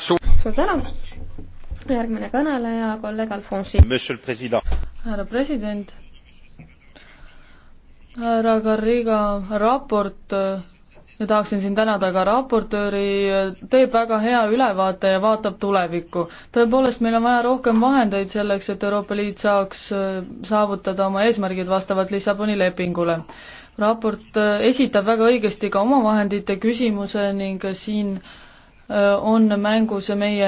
suur tänu! järgmine kõneleja, kolleeg Alfonsi. härra president, härra Garriga raport ja tahaksin siin tänada ka raportööri, teeb väga hea ülevaate ja vaatab tulevikku. tõepoolest, meil on vaja rohkem vahendeid selleks, et Euroopa Liit saaks saavutada oma eesmärgid vastavalt Lissaboni lepingule. raport äh, esitab väga õigesti ka omavahendite küsimuse ning siin äh, Äh, on mängus meie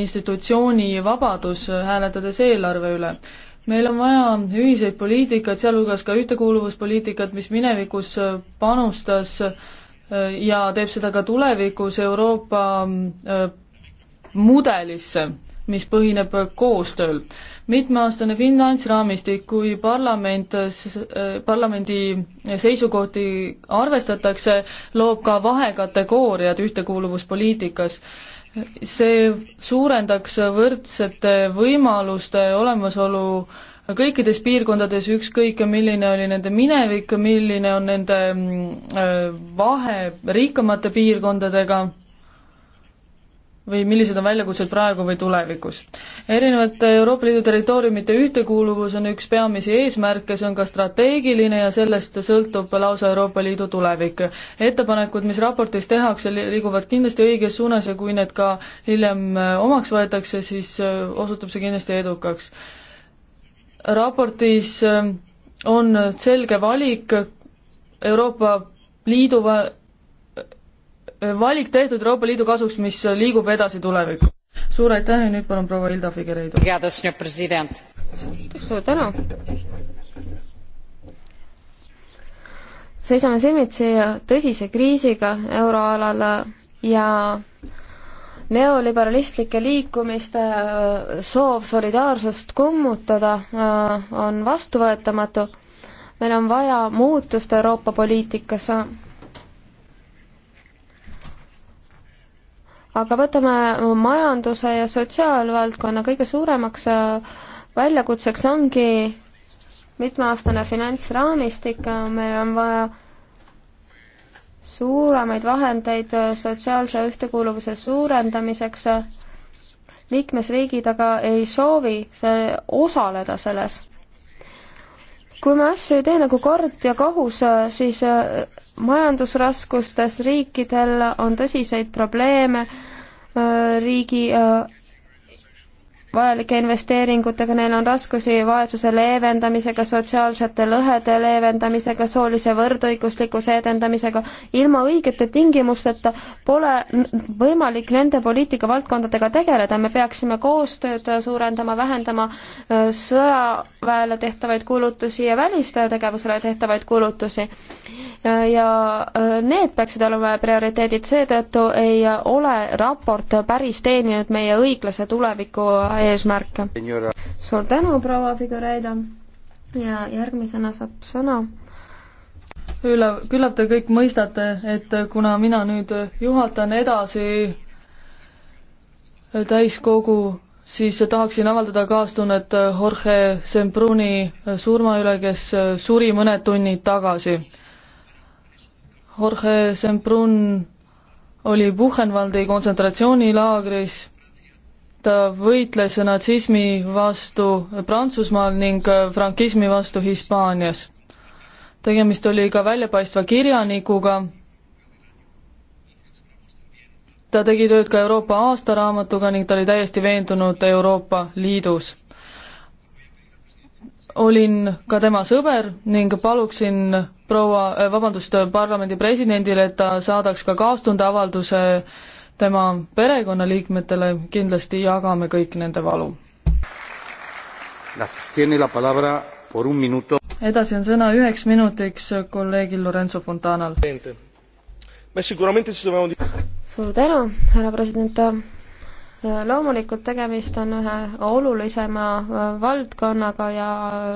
institutsiooni vabadus, hääletades eelarve üle. meil on vaja ühiseid poliitikaid, sealhulgas ka ühtekuuluvuspoliitikat, mis minevikus panustas äh, ja teeb seda ka tulevikus Euroopa äh, mudelisse mis põhineb koostööl. mitmeaastane finantsraamistik, kui parlament, parlamendi seisukohti arvestatakse, loob ka vahekategooriad ühtekuuluvuspoliitikas. see suurendaks võrdsete võimaluste olemasolu kõikides piirkondades, ükskõik milline oli nende minevik, milline on nende äh, vahe rikkamate piirkondadega või millised on väljakutsed praegu või tulevikus. erinevate Euroopa Liidu territooriumite ühtekuuluvus on üks peamisi eesmärke, see on ka strateegiline ja sellest sõltub lausa Euroopa Liidu tulevik. ettepanekud, mis raportis tehakse, liiguvad kindlasti õiges suunas ja kui need ka hiljem äh, omaks võetakse, siis äh, osutub see kindlasti edukaks. raportis äh, on selge valik Euroopa Liidu valik tehtud Euroopa Liidu kasuks, mis liigub edasi tulevikku. suur aitäh ja nüüd palun proua Hilda Figueiredo. suur tänu. seisame silmitsi tõsise kriisiga euroalal ja neoliberalistlike liikumiste soov solidaarsust kummutada äh, on vastuvõetamatu. meil on vaja muutust Euroopa poliitikas aga võtame majanduse ja sotsiaalvaldkonna kõige suuremaks äh, väljakutseks ongi mitmeaastane finantsraamistik, meil on vaja suuremaid vahendeid äh, sotsiaalse ühtekuuluvuse suurendamiseks. liikmesriigid aga ei soovi see, osaleda selles kui me asju ei tee nagu kord ja kohus, siis äh, majandusraskustes riikidel on tõsiseid probleeme äh, riigi äh, vajalike investeeringutega, neil on raskusi vaesuse leevendamisega, sotsiaalsete lõhede leevendamisega, soolise võrdõiguslikkuse edendamisega. ilma õigete tingimusteta pole võimalik nende poliitikavaldkondadega tegeleda, me peaksime koostööd suurendama, vähendama äh, sõjaväele tehtavaid kulutusi ja välistegevusele tehtavaid kulutusi. ja äh, need peaksid olema prioriteedid, seetõttu ei ole raport päris teeninud meie õiglase tuleviku eesmärke. suur tänu, proua Figureido ja järgmisena saab sõna üle, küllap te kõik mõistate, et kuna mina nüüd juhatan edasi täiskogu, siis tahaksin avaldada kaastunnet Jorge Sempruni surma üle, kes suri mõned tunnid tagasi. Jorge Semprun oli Buchenwaldi kontsentratsioonilaagris ta võitles natsismi vastu Prantsusmaal ning frankismi vastu Hispaanias. tegemist oli ka väljapaistva kirjanikuga, ta tegi tööd ka Euroopa aastaraamatuga ning ta oli täiesti veendunud Euroopa Liidus. olin ka tema sõber ning paluksin proua, vabandust, parlamendi presidendile, et ta saadaks ka kaastundeavalduse äh, tema perekonnaliikmetele, kindlasti jagame kõik nende valu. edasi on sõna üheks minutiks kolleegil Lorenzo Fontanal. suur tänu, härra president loomulikult tegemist on ühe olulisema äh, valdkonnaga ja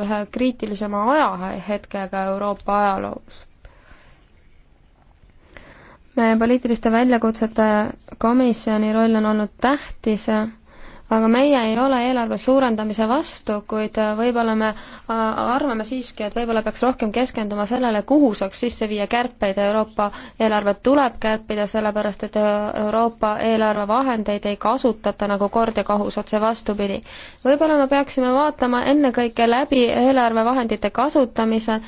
ühe kriitilisema ajahetkega Euroopa ajaloos meie poliitiliste väljakutsete komisjoni roll on olnud tähtis, aga meie ei ole eelarve suurendamise vastu, kuid võib-olla me arvame siiski, et võib-olla peaks rohkem keskenduma sellele, kuhu saaks sisse viia kärpeid, Euroopa eelarvet tuleb kärpida, sellepärast et Euroopa eelarve vahendeid ei kasutata nagu kord ja kohus, otse vastupidi. võib-olla me peaksime vaatama ennekõike läbi eelarvevahendite kasutamise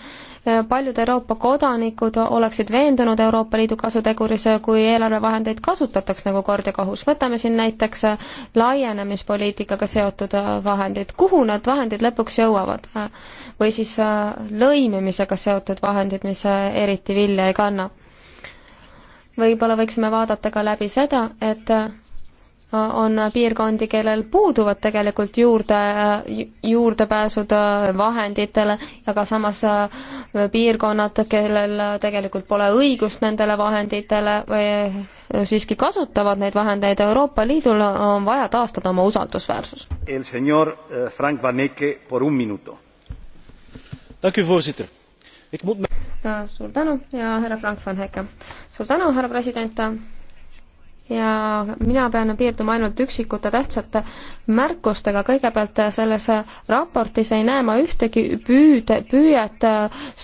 paljud Euroopa kodanikud oleksid veendunud Euroopa Liidu kasuteguris, kui eelarvevahendeid kasutataks nagu kord ja kohus. võtame siin näiteks laienemispoliitikaga seotud vahendid, kuhu need vahendid lõpuks jõuavad? või siis lõimimisega seotud vahendid, mis eriti vilja ei kanna? võib-olla võiksime vaadata ka läbi seda, et on piirkondi, kellel puuduvad tegelikult juurde, juurdepääsud vahenditele, aga samas piirkonnad, kellel tegelikult pole õigust nendele vahenditele või siiski kasutavad neid vahendeid, Euroopa Liidul on vaja taastada oma usaldusväärsus. Eh, suur tänu ja härra Frank van Hecke. suur tänu, härra president ja mina pean piirduma ainult üksikute tähtsate märkustega, kõigepealt selles raportis ei näe ma ühtegi püüde, püüet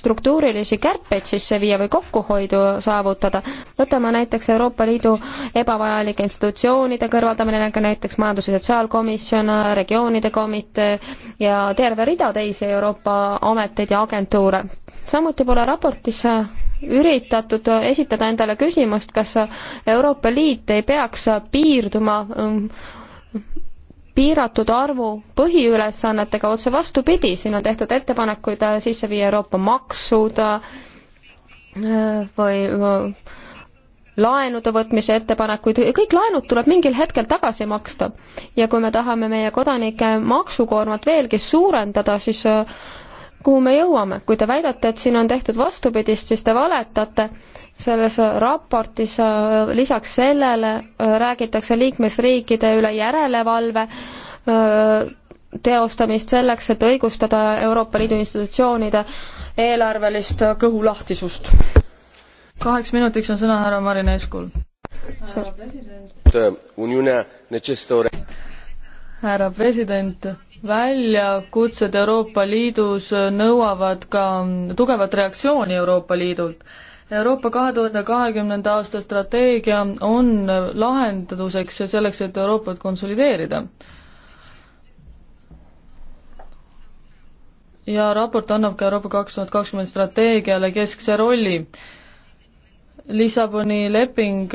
struktuurilisi kärpeid sisse viia või kokkuhoidu saavutada. võtame näiteks Euroopa Liidu ebavajalike institutsioonide kõrvaldamine, nagu näiteks Majandus- ja Sotsiaalkomisjon, regioonide komitee ja terve rida teisi Euroopa ameteid ja agentuure. samuti pole raportis üritatud esitada endale küsimust, kas Euroopa Liit ei peaks piirduma ähm, piiratud arvu põhiülesannetega, otse vastupidi, siin on tehtud ettepanekuid äh, sisse viia Euroopa maksud äh, või äh, laenude võtmise ettepanekuid, kõik laenud tuleb mingil hetkel tagasi maksta. ja kui me tahame meie kodanike maksukoormat veelgi suurendada, siis kuhu me jõuame, kui te väidate, et siin on tehtud vastupidist, siis te valetate, selles raportis äh, lisaks sellele äh, räägitakse liikmesriikide üle järelevalve äh, teostamist selleks, et õigustada Euroopa Liidu institutsioonide eelarvelist kõhulahtisust. kaheks minutiks on sõna härra Marineskul. härra president. härra president väljakutsed Euroopa Liidus nõuavad ka tugevat reaktsiooni Euroopa Liidult. Euroopa kahe tuhande kahekümnenda aasta strateegia on lahenduseks ja selleks, et Euroopat konsolideerida. ja raport annab ka Euroopa kaks tuhat kakskümmend strateegiale keskse rolli. Lissaboni leping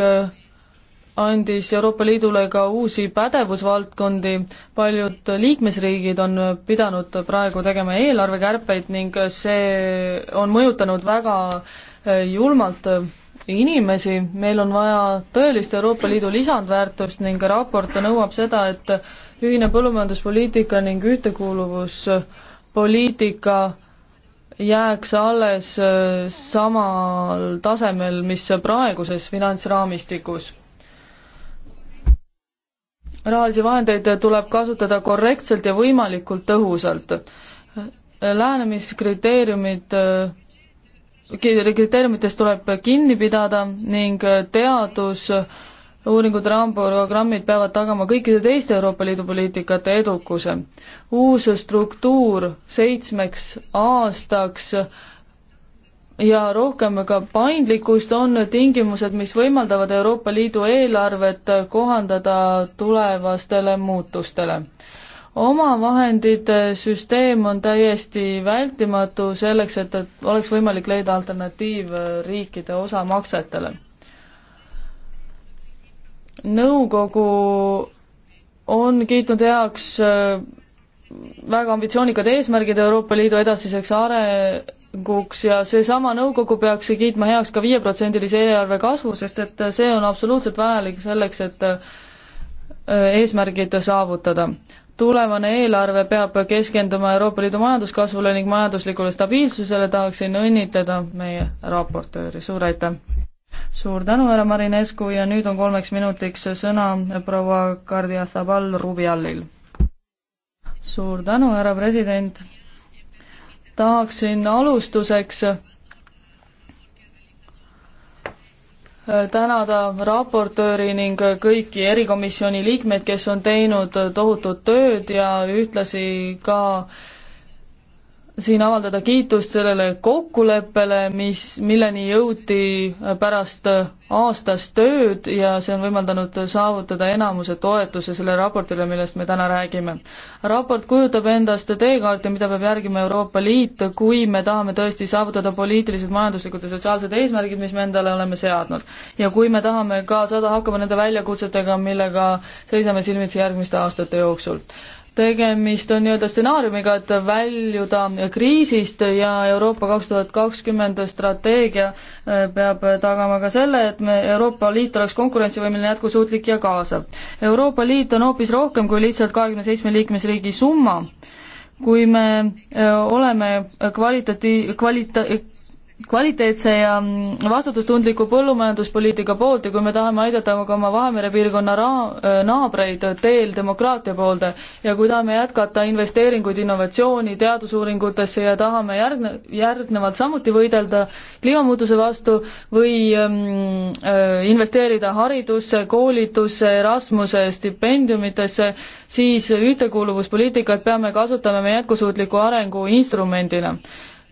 andis Euroopa Liidule ka uusi pädevusvaldkondi, paljud liikmesriigid on pidanud praegu tegema eelarvekärpeid ning see on mõjutanud väga eh, julmalt inimesi, meil on vaja tõelist Euroopa Liidu lisandväärtust ning raport nõuab seda, et ühine põllumajanduspoliitika ning ühtekuuluvuspoliitika jääks alles eh, samal tasemel, mis praeguses finantsraamistikus rahalisi vahendeid tuleb kasutada korrektselt ja võimalikult tõhusalt. lähenemiskriteeriumid, kriteeriumitest tuleb kinni pidada ning teadus uuringud raamprogrammid peavad tagama kõikide teiste Euroopa Liidu poliitikate edukuse. uus struktuur seitsmeks aastaks äh, ja rohkem ka paindlikkust on tingimused, mis võimaldavad Euroopa Liidu eelarvet kohandada tulevastele muutustele. omavahendite süsteem on täiesti vältimatu selleks, et, et oleks võimalik leida alternatiiv riikide osamaksetele. nõukogu on kiitnud heaks väga ambitsioonikad eesmärgid Euroopa Liidu edasiseks are-, nõukoguks ja seesama nõukogu peaks kiitma heaks ka viieprotsendilise eelarve kasvu, sest et see on absoluutselt vajalik selleks, et äh, eesmärgid saavutada. tulevane eelarve peab keskenduma Euroopa Liidu majanduskasvule ning majanduslikule stabiilsusele, tahaksin õnnitleda meie raportööri, suur aitäh! suur tänu, härra Marinescu ja nüüd on kolmeks minutiks sõna proua Kardiatabal Rubialil. suur tänu, härra president! tahaksin alustuseks äh, tänada raportööri ning kõiki erikomisjoni liikmeid, kes on teinud tohutut tööd ja ühtlasi ka äh, siin avaldada kiitust sellele kokkuleppele, mis, milleni jõuti pärast aastast tööd ja see on võimaldanud saavutada enamuse toetuse sellele raportile, millest me täna räägime. raport kujutab endast teekaarti, mida peab järgima Euroopa Liit, kui me tahame tõesti saavutada poliitilised, majanduslikud ja sotsiaalsed eesmärgid, mis me endale oleme seadnud. ja kui me tahame ka saada hakkama nende väljakutsetega, millega seisame silmitsi järgmiste aastate jooksul tegemist on nii-öelda stsenaariumiga, et väljuda kriisist ja Euroopa kaks tuhat kakskümmend strateegia äh, peab tagama ka selle, et me, Euroopa Liit oleks konkurentsivõimeline, jätkusuutlik ja kaasav. Euroopa Liit on hoopis rohkem kui lihtsalt kahekümne seitsme liikmesriigi summa. kui me äh, oleme kvalitati-, kvalita-, kvaliteetse ja vastutustundliku põllumajanduspoliitika poolt ja kui me tahame aidata ka oma Vahemere piirkonna ra-, äh, naabreid teel demokraatia poolde ja kui tahame jätkata investeeringuid innovatsiooni, teadusuuringutesse ja tahame järgne, järgnevalt samuti võidelda kliimamuutuse vastu või ähm, äh, investeerida haridusse, koolitusse, Erasmuse stipendiumitesse, siis ühtekuuluvuspoliitikat peame kasutama me jätkusuutliku arengu instrumendina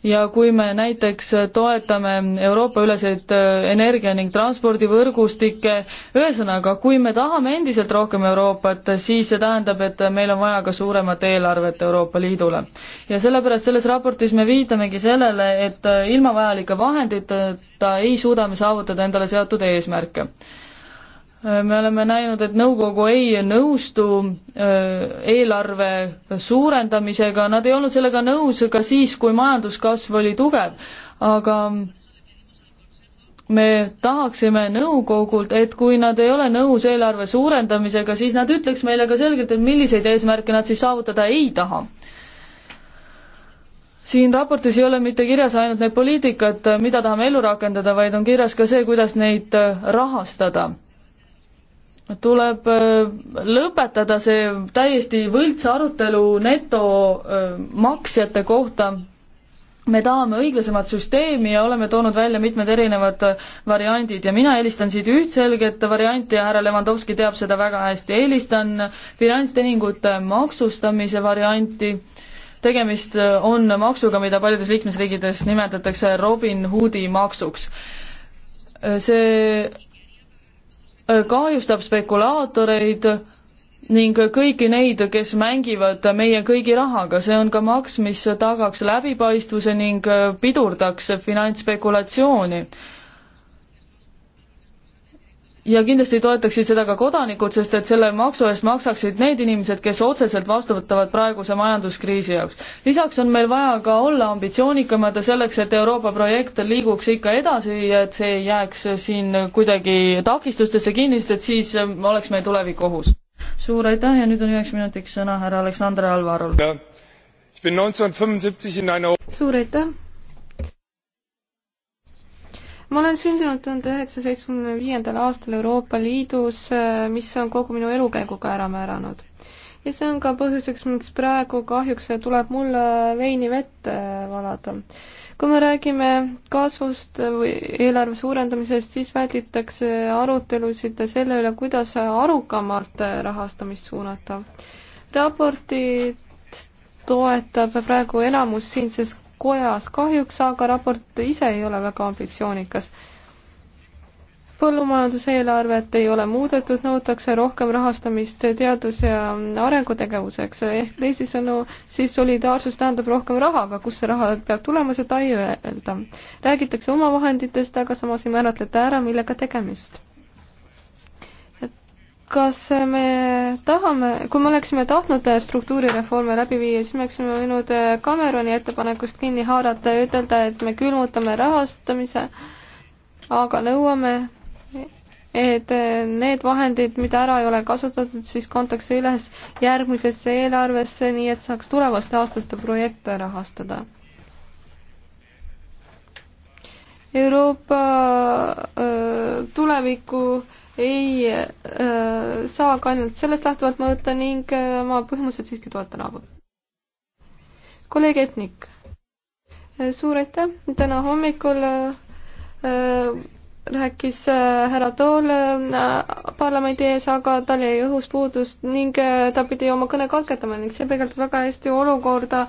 ja kui me näiteks toetame Euroopa-üleseid äh, energia- ning transpordivõrgustikke, ühesõnaga, kui me tahame endiselt rohkem Euroopat, siis see tähendab, et meil on vaja ka suuremat eelarvet Euroopa Liidule. ja sellepärast selles raportis me viitamegi sellele, et äh, ilma vajalike vahenditeta ei suuda me saavutada endale seatud eesmärke me oleme näinud, et nõukogu ei nõustu eelarve suurendamisega, nad ei olnud sellega nõus ka siis, kui majanduskasv oli tugev, aga me tahaksime nõukogult, et kui nad ei ole nõus eelarve suurendamisega, siis nad ütleks meile ka selgelt, et milliseid eesmärke nad siis saavutada ei taha siin raportis ei ole mitte kirjas ainult need poliitikad, mida tahame ellu rakendada, vaid on kirjas ka see, kuidas neid rahastada tuleb äh, lõpetada see täiesti võlts arutelu netomaksjate äh, kohta. me tahame õiglasemat süsteemi ja oleme toonud välja mitmed erinevad äh, variandid ja mina eelistan siit üht selget varianti ja härra Levanovski teab seda väga hästi. eelistan finantstehingute maksustamise varianti. tegemist on maksuga, mida paljudes liikmesriikides nimetatakse Robin Hoodi maksuks. see kahjustab spekulaatoreid ning kõiki neid, kes mängivad meie kõigi rahaga, see on ka maks, mis tagaks läbipaistvuse ning pidurdaks finantsspekulatsiooni ja kindlasti toetaksid seda ka kodanikud, sest et selle maksu eest maksaksid need inimesed, kes otseselt vastutavad praeguse majanduskriisi jaoks. lisaks on meil vaja ka olla ambitsioonikamad selleks, et Euroopa projekt liiguks ikka edasi ja et see ei jääks siin kuidagi takistustesse kinni, sest et siis oleks meie tulevik ohus. suur aitäh ja nüüd on üheks minutiks sõna härra Aleksandr Alvarul. suur aitäh ma olen sündinud tuhande üheksasaja seitsmekümne viiendal aastal Euroopa Liidus, äh, mis on kogu minu elukäigu ka ära määranud. ja see on ka põhjuseks, miks praegu kahjuks tuleb mul äh, veini vette äh, valada. kui me räägime kasvust või eelarve suurendamisest, siis välditakse arutelusid selle üle, kuidas arukamalt rahastamist suunata. raportid toetab praegu enamus siinses kojas kahjuks, aga raport ise ei ole väga ambitsioonikas. põllumajanduseelarvet ei ole muudetud, nõutakse rohkem rahastamist teadus- ja arengutegevuseks, ehk teisisõnu, siis solidaarsus tähendab rohkem raha, aga kust see raha peab tulema, seda ei öelda. räägitakse omavahenditest, aga samas ei määratleta ära, millega tegemist kas me tahame, kui me oleksime tahtnud äh, struktuurireforme läbi viia, siis me oleksime võinud äh, Cameroni ettepanekust kinni haarata ja ütelda, et me külmutame rahastamise, aga nõuame, et äh, need vahendid, mida ära ei ole kasutatud, siis kantakse üles järgmisesse eelarvesse, nii et saaks tulevaste aastaste projekte rahastada. Euroopa öö, tuleviku öö, ei äh, saa ka ainult sellest lähtuvalt mõõta ning äh, ma põhimõtteliselt siiski toetan Aavo. kolleeg Etnik, äh, suur aitäh, täna hommikul äh, äh rääkis äh, härra Tool parlamendi ees, aga tal jäi õhus puudust ning ta pidi oma kõne katketama ning see peegeldab väga hästi olukorda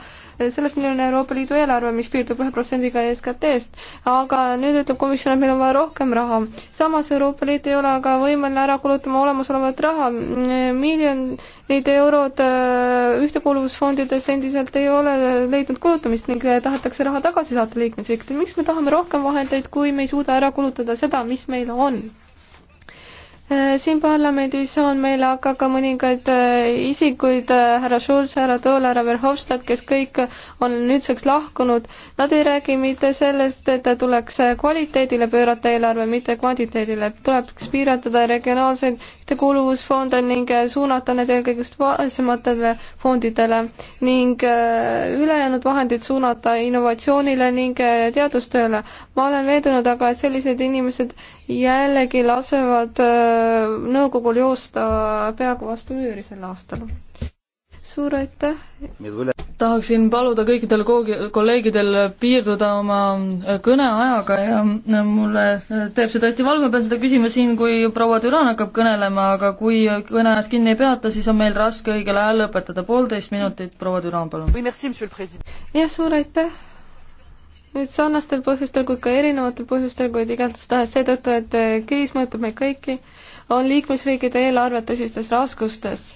sellest, milline on Euroopa Liidu eelarve, mis piirdub ühe protsendiga SKT-st, aga nüüd ütleb komisjon, et meil on vaja rohkem raha. samas Euroopa Liit ei ole aga võimeline ära kulutama olemasolevat raha, miljonid eurod äh, ühtekuuluvusfondides endiselt ei ole leidnud kulutamist ning äh, tahetakse raha tagasi saata liikmesriikidele, miks me tahame rohkem vahendeid, kui me ei suuda ära kulutada seda, mis meil on? Äh, siin parlamendis on meil aga ka mõningaid äh, isikuid, äh, härra Schulz, härra Tool, härra Verhofstadt, kes kõik on nüüdseks lahkunud. Nad ei räägi mitte sellest, et tuleks kvaliteedile pöörata eelarve, mitte kvantiteedile. tuleks piiratada regionaalseid kuuluvusfonde ning suunata need eelkõige just vaesematele fondidele ning ülejäänud vahendid suunata innovatsioonile ning teadustööle. ma olen veendunud aga, et sellised inimesed jällegi lasevad äh, nõukogul joosta peaga vastu müüri sel aastal. suur aitäh! tahaksin paluda kõikidel kolleegidel piirduda oma äh, kõneajaga ja äh, mulle teeb see tõesti valus, ma pean seda küsima siin, kui proua Düran hakkab kõnelema, aga kui kõneajast kinni ei peata, siis on meil raske õigel ajal lõpetada. poolteist minutit, proua Düran, palun. jah, suur aitäh nüüd sarnastel põhjustel kui ka erinevatel põhjustel, kuid igatahes seetõttu, et äh, kriis mõjutab meid kõiki, on liikmesriikide eelarved tõsistes raskustes.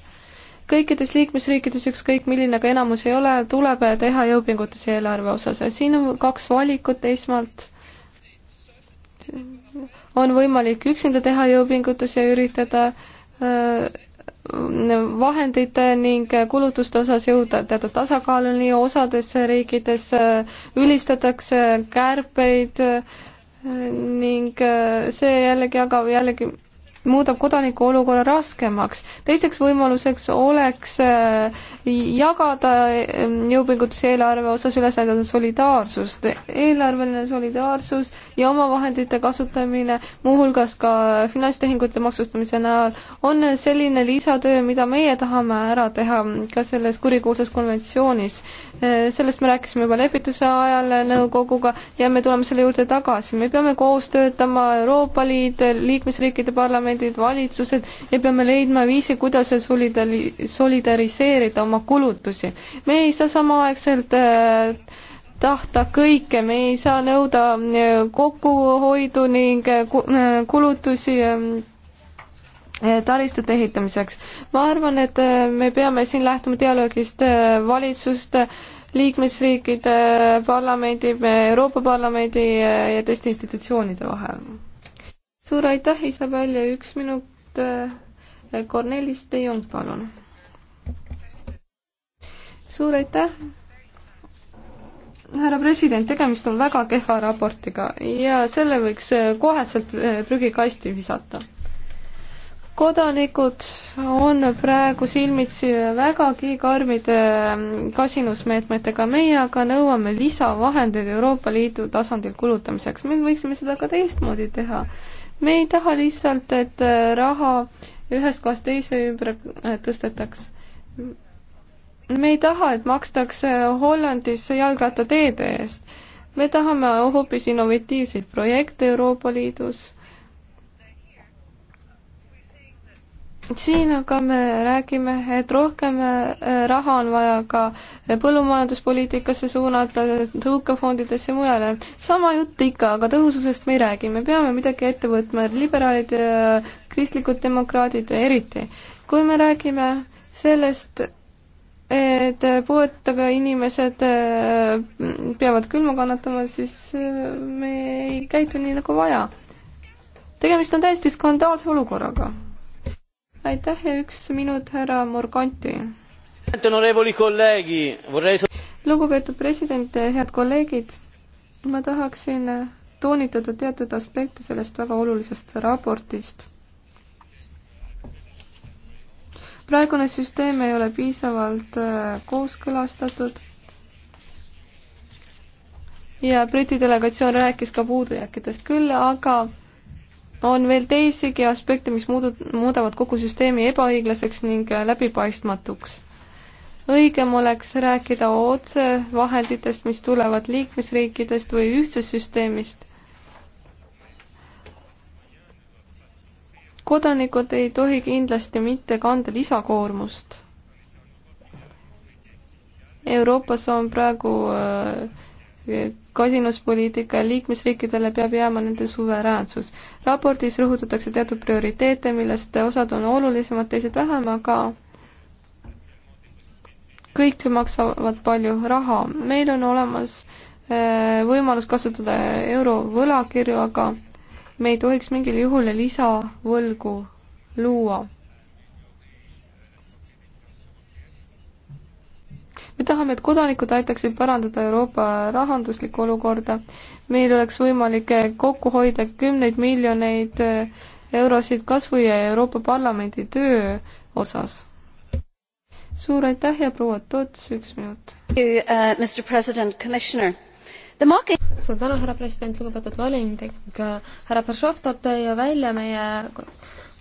kõikides liikmesriikides, ükskõik milline ka enamus ei ole, tuleb teha jõupingutusi eelarve osas ja siin on kaks valikut, esmalt on võimalik üksinda teha jõupingutusi ja üritada öö, äh, vahendite ning kulutuste osas jõuda teatud tasakaaluni, osades riikides äh, ülistatakse kärpeid äh, ning äh, see jällegi, aga jällegi muudab kodaniku olukorra raskemaks. teiseks võimaluseks oleks äh, jagada äh, jõupingutusi eelarve osas üles näidata solidaarsust, eelarveline solidaarsus ja omavahendite kasutamine, muuhulgas ka finantstehingute maksustamise näol, on selline lisatöö, mida meie tahame ära teha ka selles kurikuulsas konventsioonis. Äh, sellest me rääkisime juba lepituse ajal nõukoguga ja me tuleme selle juurde tagasi, me peame koos töötama Euroopa Liidu liikmesriikide parlamendi parlamendid, valitsused ja peame leidma viisi, kuidas solidari-, solidariseerida oma kulutusi. me ei saa samaaegselt äh, tahta kõike, me ei saa nõuda äh, kokkuhoidu ning äh, kulutusi ähm, taristute ehitamiseks. ma arvan, et me peame siin lähtuma dialoogist valitsuste, liikmesriikide parlamendi, Euroopa Parlamendi ja teiste institutsioonide vahel suur aitäh, Isabel ja üks minut Kornelis äh, De Jong, palun. suur aitäh härra president, tegemist on väga kehva raportiga ja selle võiks äh, koheselt äh, prügikasti visata. kodanikud on praegu silmitsi vägagi karmide kasinusmeetmetega, meie aga nõuame lisavahendeid Euroopa Liidu tasandil kulutamiseks, me võiksime seda ka teistmoodi teha me ei taha lihtsalt, et äh, raha ühest kohast teise ümber äh, tõstetaks. me ei taha, et makstakse Hollandis jalgrattateede eest. me tahame hoopis innovatiivseid projekte Euroopa Liidus siin aga me räägime, et rohkem äh, raha on vaja ka põllumajanduspoliitikasse suunata, tõukefondidesse ja mujale. sama jutt ikka, aga tõhususest me ei räägi, me peame midagi ette võtma, liberaalid ja kristlikud demokraadid eriti. kui me räägime sellest, et puuetega inimesed äh, peavad külma kannatama, siis äh, me ei käitu nii nagu vaja. tegemist on täiesti skandaalse olukorraga aitäh ja üks minut härra Morganti. lugupeetud president, head kolleegid, ma tahaksin toonitada teatud aspekte sellest väga olulisest raportist. praegune süsteem ei ole piisavalt äh, kooskõlastatud ja Briti delegatsioon rääkis ka puudujääkidest küll, aga on veel teisigi aspekte, mis muudu-, muudavad kogu süsteemi ebaõiglaseks ning läbipaistmatuks. õigem oleks rääkida otse vahenditest, mis tulevad liikmesriikidest või ühtsest süsteemist. kodanikud ei tohi kindlasti mitte kanda lisakoormust. Euroopas on praegu äh, kasinuspoliitika ja liikmesriikidele peab jääma nende suveräänsus. raportis rõhutatakse teatud prioriteete, millest osad on olulisemad, teised vähem, aga kõik maksavad palju raha. meil on olemas äh, võimalus kasutada eurovõlakirju, aga me ei tohiks mingil juhul lisavõlgu luua me tahame, et kodanikud aitaksid parandada Euroopa rahanduslikku olukorda. meil oleks võimalik kokku hoida kümneid miljoneid eurosid kasvu ja Euroopa Parlamendi töö osas suur aitäh ja proua Toots, üks minut. Uh, suur tänu, härra president, lugupeetud volinik, härra Brežnov toob teie välja meie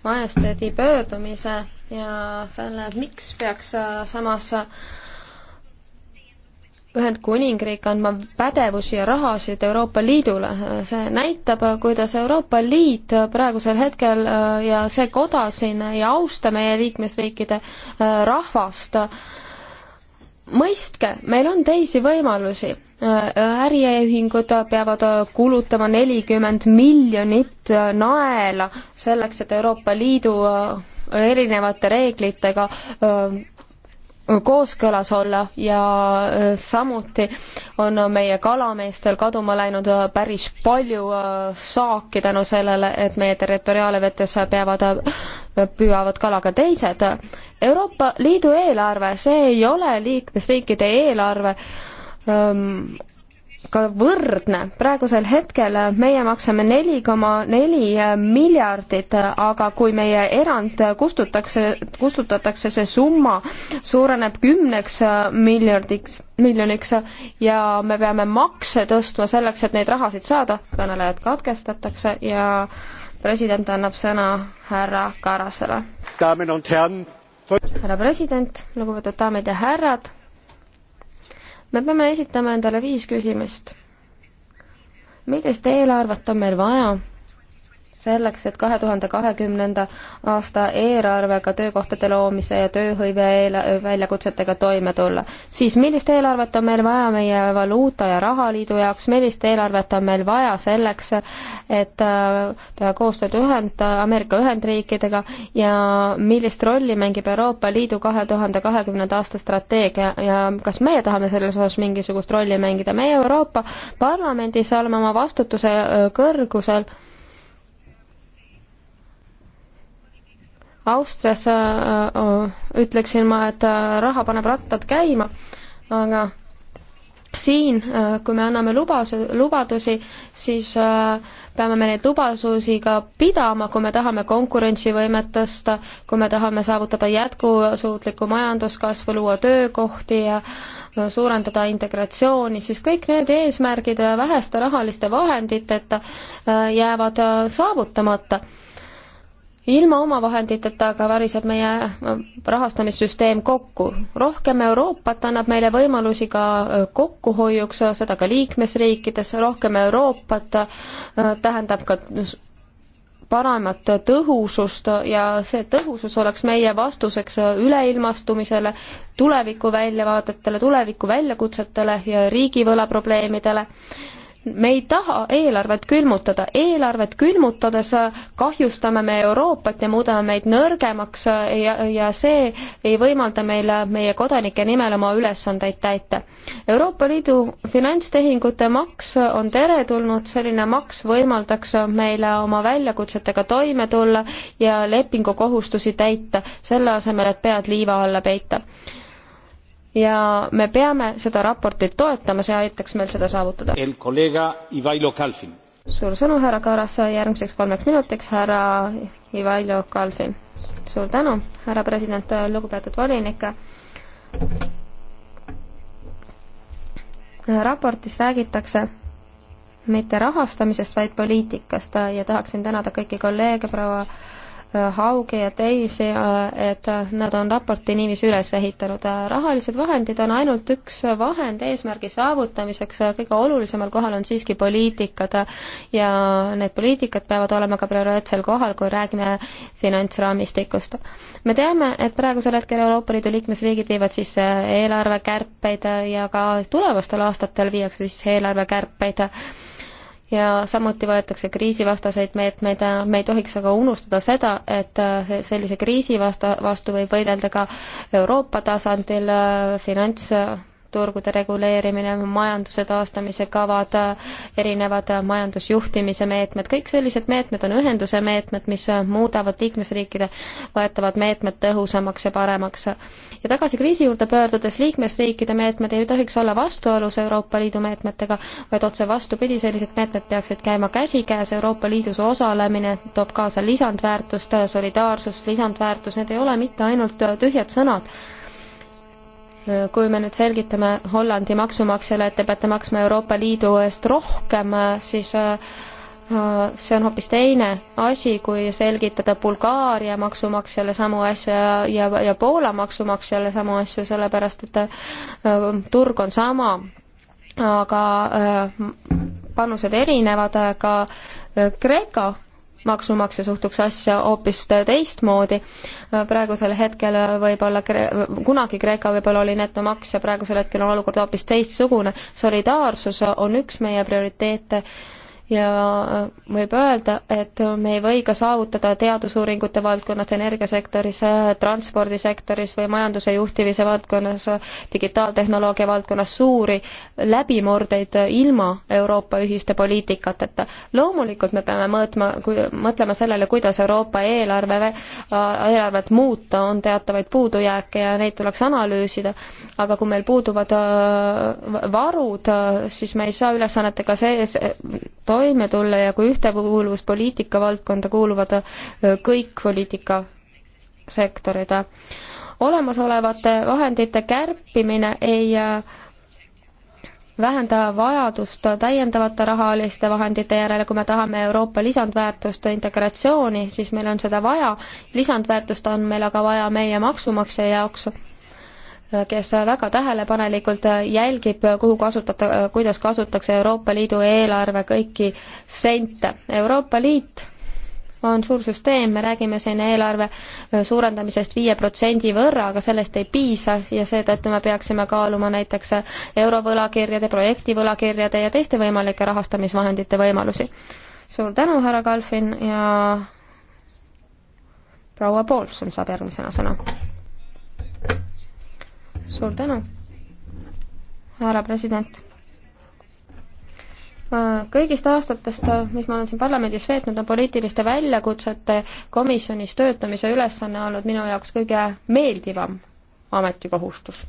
majesteedi pöördumise ja selle, et miks peaks uh, samas Ühendkuningriik andma pädevusi ja rahasid Euroopa Liidule. see näitab, kuidas Euroopa Liit praegusel hetkel äh, ja see koda siin ei austa meie liikmesriikide äh, rahvast. mõistke, meil on teisi võimalusi. Äh, äriühingud peavad kulutama nelikümmend miljonit naela selleks, et Euroopa Liidu erinevate reeglitega kooskõlas olla ja äh, samuti on meie kalameestel kaduma läinud äh, päris palju äh, saaki tänu sellele, et meie territoriaalvetes peavad, püüavad kala ka teised. Euroopa Liidu eelarve, see ei ole liikmesriikide eelarve, ähm, ka võrdne. praegusel hetkel meie maksame neli koma neli äh, miljardit, äh, aga kui meie erand kustutakse, kustutatakse, see summa suureneb kümneks äh, miljardiks, miljoniks ja me peame makse tõstma selleks, et neid rahasid saada, kõnelejad katkestatakse ja president annab sõna härra Karasele. härra president, lugupeetud daamid ja härrad, me peame esitama endale viis küsimust. millist eelarvet on meil vaja selleks, et kahe tuhande kahekümnenda aasta eelarvega töökohtade loomise ja tööhõive eel-, väljakutsetega toime tulla. siis millist eelarvet on meil vaja meie valuuta- ja rahaliidu jaoks, millist eelarvet on meil vaja selleks, et teha äh, koostööd Ühend-, Ameerika Ühendriikidega ja millist rolli mängib Euroopa Liidu kahe tuhande kahekümnenda aasta strateegia ja kas meie tahame selles osas mingisugust rolli mängida, meie Euroopa Parlamendis oleme oma vastutuse äh, kõrgusel Austrias äh, äh, ütleksin ma, et äh, raha paneb rattad käima, aga siin, kui me anname lubas-, lubadusi, siis peame me neid lubadusi ka pidama, kui me tahame konkurentsivõimet tõsta, kui me tahame saavutada jätkusuutlikku majanduskasvu, luua töökohti ja suurendada integratsiooni, siis kõik need eesmärgid väheste rahaliste vahenditeta jäävad saavutamata ilma omavahenditeta aga variseb meie äh, rahastamissüsteem kokku. rohkem Euroopat annab meile võimalusi ka äh, kokkuhoiuks, äh, seda ka liikmesriikides, rohkem Euroopat tähendab ka paremat tõhusust ja see tõhusus oleks meie vastuseks üleilmastumisele, tuleviku väljavaadetele, tuleviku väljakutsetele ja riigivõla probleemidele me ei taha eelarvet külmutada, eelarvet külmutades äh, kahjustame me Euroopat ja muudame meid nõrgemaks äh, ja, ja see ei võimalda meil äh, meie kodanike nimel oma ülesandeid täita. Euroopa Liidu finantstehingute maks on teretulnud, selline maks võimaldaks meile oma väljakutsetega toime tulla ja lepingukohustusi täita, selle asemel, et pead liiva alla peita ja me peame seda raportit toetama, see aitaks meil seda saavutada. suur sõnu, härra Karas, järgmiseks kolmeks minutiks härra Ivailo Kalfin. suur tänu, härra president, lugupeetud volinik. raportis räägitakse mitte rahastamisest, vaid poliitikast ja tahaksin tänada kõiki kolleege, proua Haugi ja teisi, äh, et nad on raporti niiviisi üles ehitanud. rahalised vahendid on ainult üks vahend eesmärgi saavutamiseks, kõige olulisemal kohal on siiski poliitikad ja need poliitikad peavad olema ka prioriteetsel kohal, kui räägime finantsraamistikust. me teame, et praegusel hetkel Euroopa Liidu liikmesriigid viivad sisse eelarvekärpeid ja ka tulevastel aastatel viiakse sisse eelarvekärpeid ja samuti võetakse kriisivastaseid meetmeid, me ei tohiks aga unustada seda, et sellise kriisi vasta, vastu võib võidelda ka Euroopa tasandil finants turgude reguleerimine, majanduse taastamise kavad, erinevad majandusjuhtimise meetmed, kõik sellised meetmed on ühenduse meetmed, mis muudavad liikmesriikide võetavad meetmed tõhusamaks ja paremaks. ja tagasi kriisi juurde pöördudes, liikmesriikide meetmed ei tohiks olla vastuolus Euroopa Liidu meetmetega, vaid otse vastupidi, sellised meetmed peaksid käima käsikäes, Euroopa Liidus osalemine toob kaasa lisandväärtust, solidaarsus, lisandväärtus, need ei ole mitte ainult tühjad sõnad, kui me nüüd selgitame Hollandi maksumaksjale, et te peate maksma Euroopa Liidu eest rohkem, siis äh, äh, see on hoopis teine asi, kui selgitada Bulgaaria maksumaksjale samu asju ja, ja, ja Poola maksumaksjale samu asju, sellepärast et äh, turg on sama, aga panused erinevad, aga Kreeka maksumaksja suhtuks asja hoopis teistmoodi. praegusel hetkel võib-olla, kunagi Kreeka võib-olla oli netomaksja, praegusel hetkel on olukord hoopis teistsugune. solidaarsus on üks meie prioriteete ja äh, võib öelda, et me ei või ka saavutada teadusuuringute valdkonnas, energiasektoris, äh, transpordisektoris või majanduse juhtimise valdkonnas, äh, digitaaltehnoloogia valdkonnas suuri läbimurdeid ilma Euroopa ühiste poliitikateta. loomulikult me peame mõõtma, mõtlema sellele, kuidas Euroopa eelarve, eelarvet muuta, on teatavaid puudujääke ja neid tuleks analüüsida, aga kui meil puuduvad varud, siis me ei saa ülesannetega sees toime toime tulla ja kui ühtekuuluvuspoliitika valdkonda kuuluvad kõik poliitikasektorid. olemasolevate vahendite kärpimine ei vähenda vajadust täiendavate rahaliste vahendite järele, kui me tahame Euroopa lisandväärtust ja integratsiooni, siis meil on seda vaja, lisandväärtust on meil aga vaja meie maksumaksja jaoks kes väga tähelepanelikult jälgib, kuhu kasutata, kuidas kasutatakse Euroopa Liidu eelarve kõiki sente. Euroopa Liit on suur süsteem, me räägime siin eelarve suurendamisest viie protsendi võrra, aga sellest ei piisa ja seetõttu me peaksime kaaluma näiteks eurovõlakirjade, projektivõlakirjade ja teiste võimalike rahastamisvahendite võimalusi. suur tänu, härra Kalfin ja proua Paulson saab järgmisena sõna suur tänu, härra president kõigist aastatest, mis ma olen siin parlamendis veetnud, on poliitiliste väljakutsete komisjonis töötamise ülesanne olnud minu jaoks kõige meeldivam ametikohustus.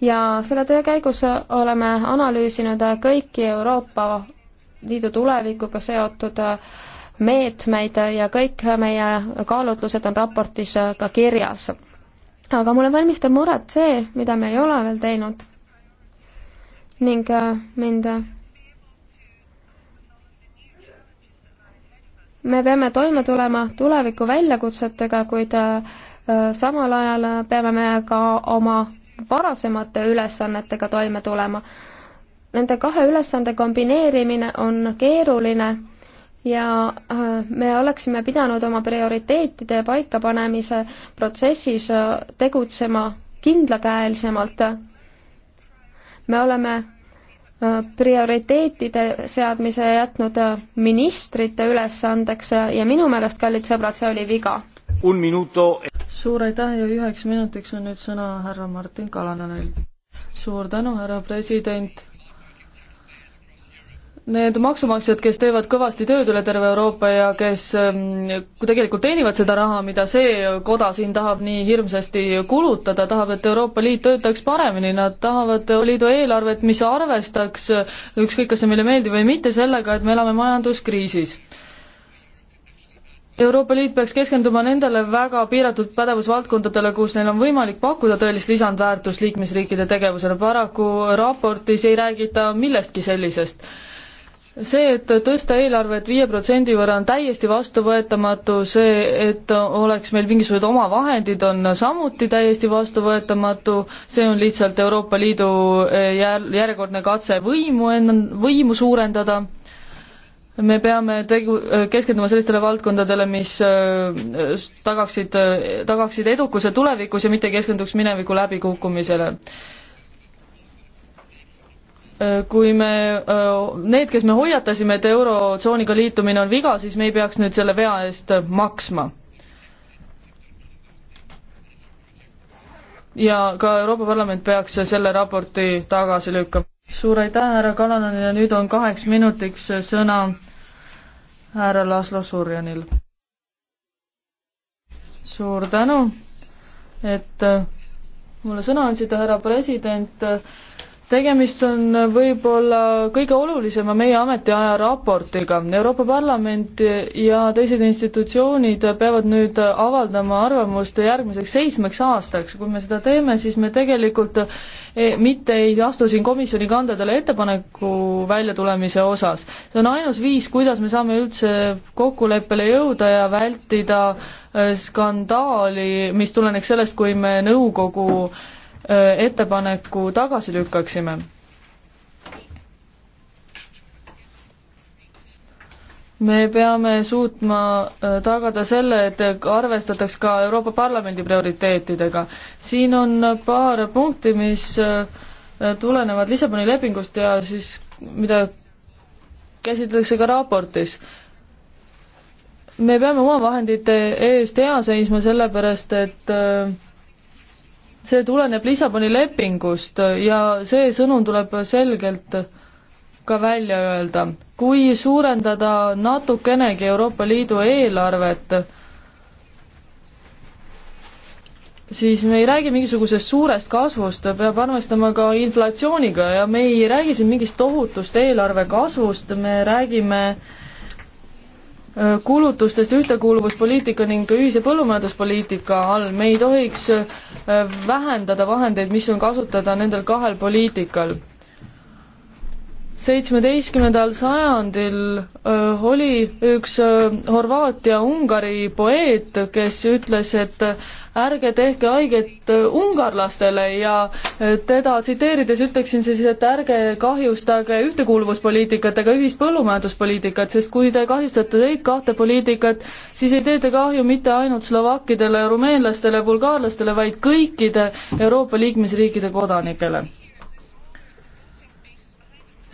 ja selle töö käigus oleme analüüsinud kõiki Euroopa Liidu tulevikuga seotud meetmeid ja kõik meie kaalutlused on raportis ka kirjas aga mulle valmistab muret see, mida me ei ole veel teinud. ning äh, mind me peame toime tulema tuleviku väljakutsetega, kuid äh, samal ajal peame me ka oma varasemate ülesannetega toime tulema. Nende kahe ülesande kombineerimine on keeruline ja äh, me oleksime pidanud oma prioriteetide paikapanemise protsessis äh, tegutsema kindlakäelisemalt. me oleme äh, prioriteetide seadmise jätnud ministrite ülesandeks ja minu meelest, kallid sõbrad, see oli viga. suur aitäh ja üheks minutiks on nüüd sõna härra Martin Kalananil. suur tänu, härra president Need maksumaksjad, kes teevad kõvasti tööd üle terve Euroopa ja kes ähm, tegelikult teenivad seda raha, mida see koda siin tahab nii hirmsasti kulutada, tahab, et Euroopa Liit töötaks paremini, nad tahavad liidu eelarvet, mis arvestaks, ükskõik, kas see meile meeldib või mitte, sellega, et me elame majanduskriisis Euroopa Liit peaks keskenduma nendele väga piiratud pädevusvaldkondadele, kus neil on võimalik pakkuda tõelist lisandväärtust liikmesriikide tegevusele. paraku raportis ei räägita millestki sellisest see, et tõsta eelarvet viie protsendi võrra on täiesti vastuvõetamatu, see, et oleks meil mingisugused omavahendid, on samuti täiesti vastuvõetamatu, see on lihtsalt Euroopa Liidu eh, jär-, järjekordne katse võimu enn-, võimu suurendada, me peame tegu-, keskenduma sellistele valdkondadele, mis eh, tagaksid, eh, tagaksid edukuse tulevikus ja mitte keskenduks mineviku läbikukkumisele Äh, kui me, äh, need, kes me hoiatasime, et Eurotsooniga liitumine on viga, siis me ei peaks nüüd selle vea eest maksma. ja ka Euroopa Parlament peaks selle raporti tagasi lükkama. suur aitäh, härra Kalanen ja nüüd on kaheks minutiks sõna härra Laslo Surjanil. suur tänu, et äh, mulle sõna andsite, härra president tegemist on võib-olla kõige olulisema meie ametiaja raportiga. Euroopa Parlament ja teised institutsioonid peavad nüüd avaldama arvamust järgmiseks seitsmeks aastaks. kui me seda teeme, siis me tegelikult eh, mitte ei astu siin komisjoni kandedele ettepaneku väljatulemise osas. see on ainus viis, kuidas me saame üldse kokkuleppele jõuda ja vältida eh, skandaali, mis tuleneks sellest, kui me nõukogu äh, ettepaneku tagasi lükkaksime. me peame suutma tagada selle, et arvestataks ka Euroopa Parlamendi prioriteetidega. siin on paar punkti, mis tulenevad Lissaboni lepingust ja siis, mida käsitletakse ka raportis me peame omavahendite eest hea seisma, sellepärast et see tuleneb Lissaboni lepingust ja see sõnum tuleb selgelt ka välja öelda. kui suurendada natukenegi Euroopa Liidu eelarvet, siis me ei räägi mingisugusest suurest kasvust, peab arvestama ka inflatsiooniga ja me ei räägi siin mingist tohutust eelarve kasvust, me räägime äh, kulutustest ühtekuuluvuspoliitika ning ühise põllumajanduspoliitika all, me ei tohiks äh, vähendada vahendeid, mis on kasutada nendel kahel poliitikal seitsmeteistkümnendal sajandil äh, oli üks äh, Horvaatia-Ungari poeet, kes ütles, et äh, ärge tehke haiget äh, ungarlastele ja äh, teda tsiteerides ütleksin siis, et ärge kahjustage ühtekuuluvuspoliitikat ega ühispõllumajanduspoliitikat, sest kui te kahjustate neid kahte poliitikat, siis ei tee te kahju mitte ainult slovakkidele, rumeenlastele, bulgaarlastele, vaid kõikide Euroopa liikmesriikide kodanikele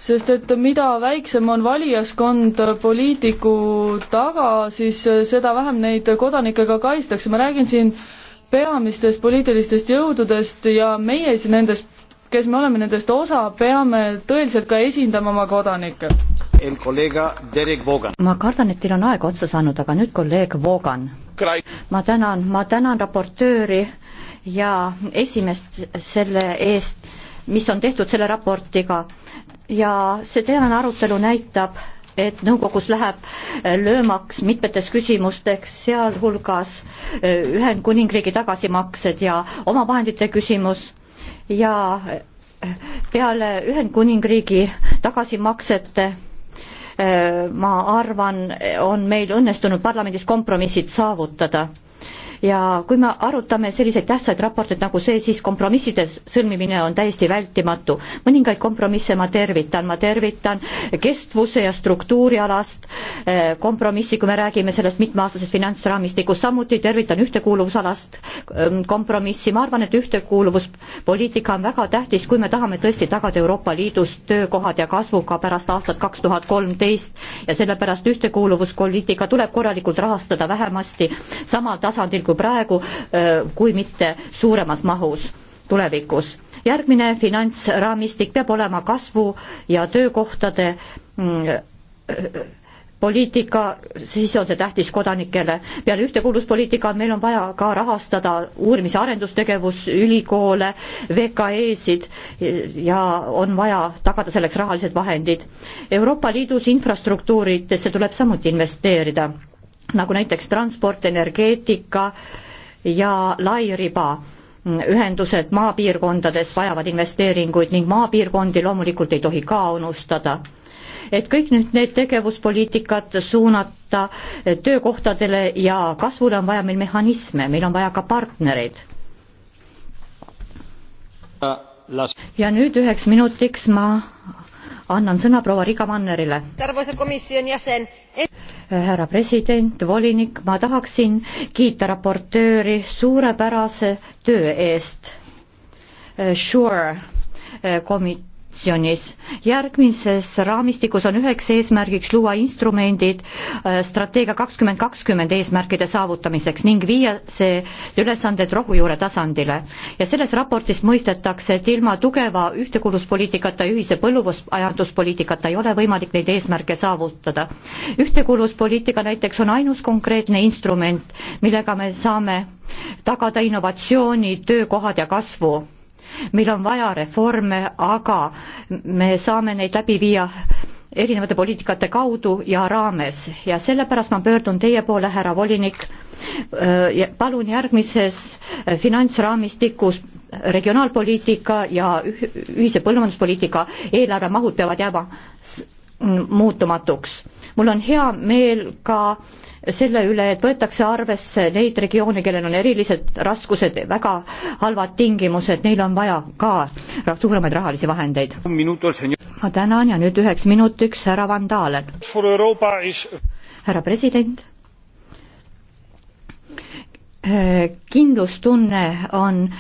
sest et mida väiksem on valijaskond poliitiku taga, siis seda vähem neid kodanikke ka kaitstakse, ma räägin siin peamistest poliitilistest jõududest ja meie siis nendest, kes me oleme nendest osa, peame tõeliselt ka esindama oma kodanikke. ma kardan, et teil on aeg otsa saanud, aga nüüd kolleeg Vogan. ma tänan, ma tänan raportööri ja esimest selle eest, mis on tehtud selle raportiga ja see tänane arutelu näitab, et nõukogus läheb äh, löömaks mitmetes küsimusteks, sealhulgas äh, Ühendkuningriigi tagasimaksed ja omavahendite küsimus ja äh, peale Ühendkuningriigi tagasimaksete ma arvan, on meil õnnestunud parlamendis kompromissid saavutada ja kui me arutame selliseid tähtsaid raporteid nagu see, siis kompromisside sõlmimine on täiesti vältimatu. mõningaid kompromisse ma tervitan, ma tervitan kestvuse ja struktuurialast eh, kompromissi, kui me räägime sellest mitmeaastasest finantsraamistikust, samuti tervitan ühtekuuluvusalast ehm, kompromissi, ma arvan, et ühtekuuluvuspoliitika on väga tähtis, kui me tahame tõesti tagada Euroopa Liidus töökohad ja kasvu ka pärast aastat kaks tuhat kolmteist ja sellepärast ühtekuuluvuspoliitika tuleb korralikult rahastada vähemasti samal tasandil, kui praegu, kui mitte suuremas mahus tulevikus. järgmine finantsraamistik peab olema kasvu ja töökohtade mm, poliitika, siis on see tähtis kodanikele. peale ühtekuuluvuspoliitika meil on vaja ka rahastada uurimis- ja arendustegevus, ülikoole, VKE-sid ja on vaja tagada selleks rahalised vahendid. Euroopa Liidus infrastruktuuridesse tuleb samuti investeerida nagu näiteks transport, energeetika ja lairiba ühendused maapiirkondades vajavad investeeringuid ning maapiirkondi loomulikult ei tohi ka unustada. et kõik nüüd need tegevuspoliitikad suunata töökohtadele ja kasvule on vaja meil mehhanisme, meil on vaja ka partnereid. ja nüüd üheks minutiks ma annan sõna proua Riga Mannerile. härra president, volinik, ma tahaksin kiita raportööri suurepärase töö eest. Eh, sure eh, komitee komisjonis. järgmises raamistikus on üheks eesmärgiks luua instrumendid äh, strateegia kakskümmend kakskümmend eesmärkide saavutamiseks ning viia see ülesanded rohujuure tasandile. ja selles raportis mõistetakse, et ilma tugeva ühtekuuluvuspoliitikata ja ühise põllumajanduspoliitikata ei ole võimalik neid eesmärke saavutada. ühtekuuluvuspoliitika näiteks on ainus konkreetne instrument, millega me saame tagada innovatsiooni, töökohad ja kasvu meil on vaja reforme, aga me saame neid läbi viia erinevate poliitikate kaudu ja raames ja sellepärast ma pöördun teie poole, härra volinik, äh, palun järgmises äh, finantsraamistikus regionaalpoliitika ja ühise põllumajanduspoliitika eelarvemahud peavad jääma muutumatuks. mul on hea meel ka äh, selle üle, et võetakse arvesse neid regioone, kellel on erilised raskused, väga halvad tingimused, neil on vaja ka suuremaid rahalisi vahendeid. ma tänan ja nüüd üheks minutiks härra Van Dalen. härra president eh, kindlustunne on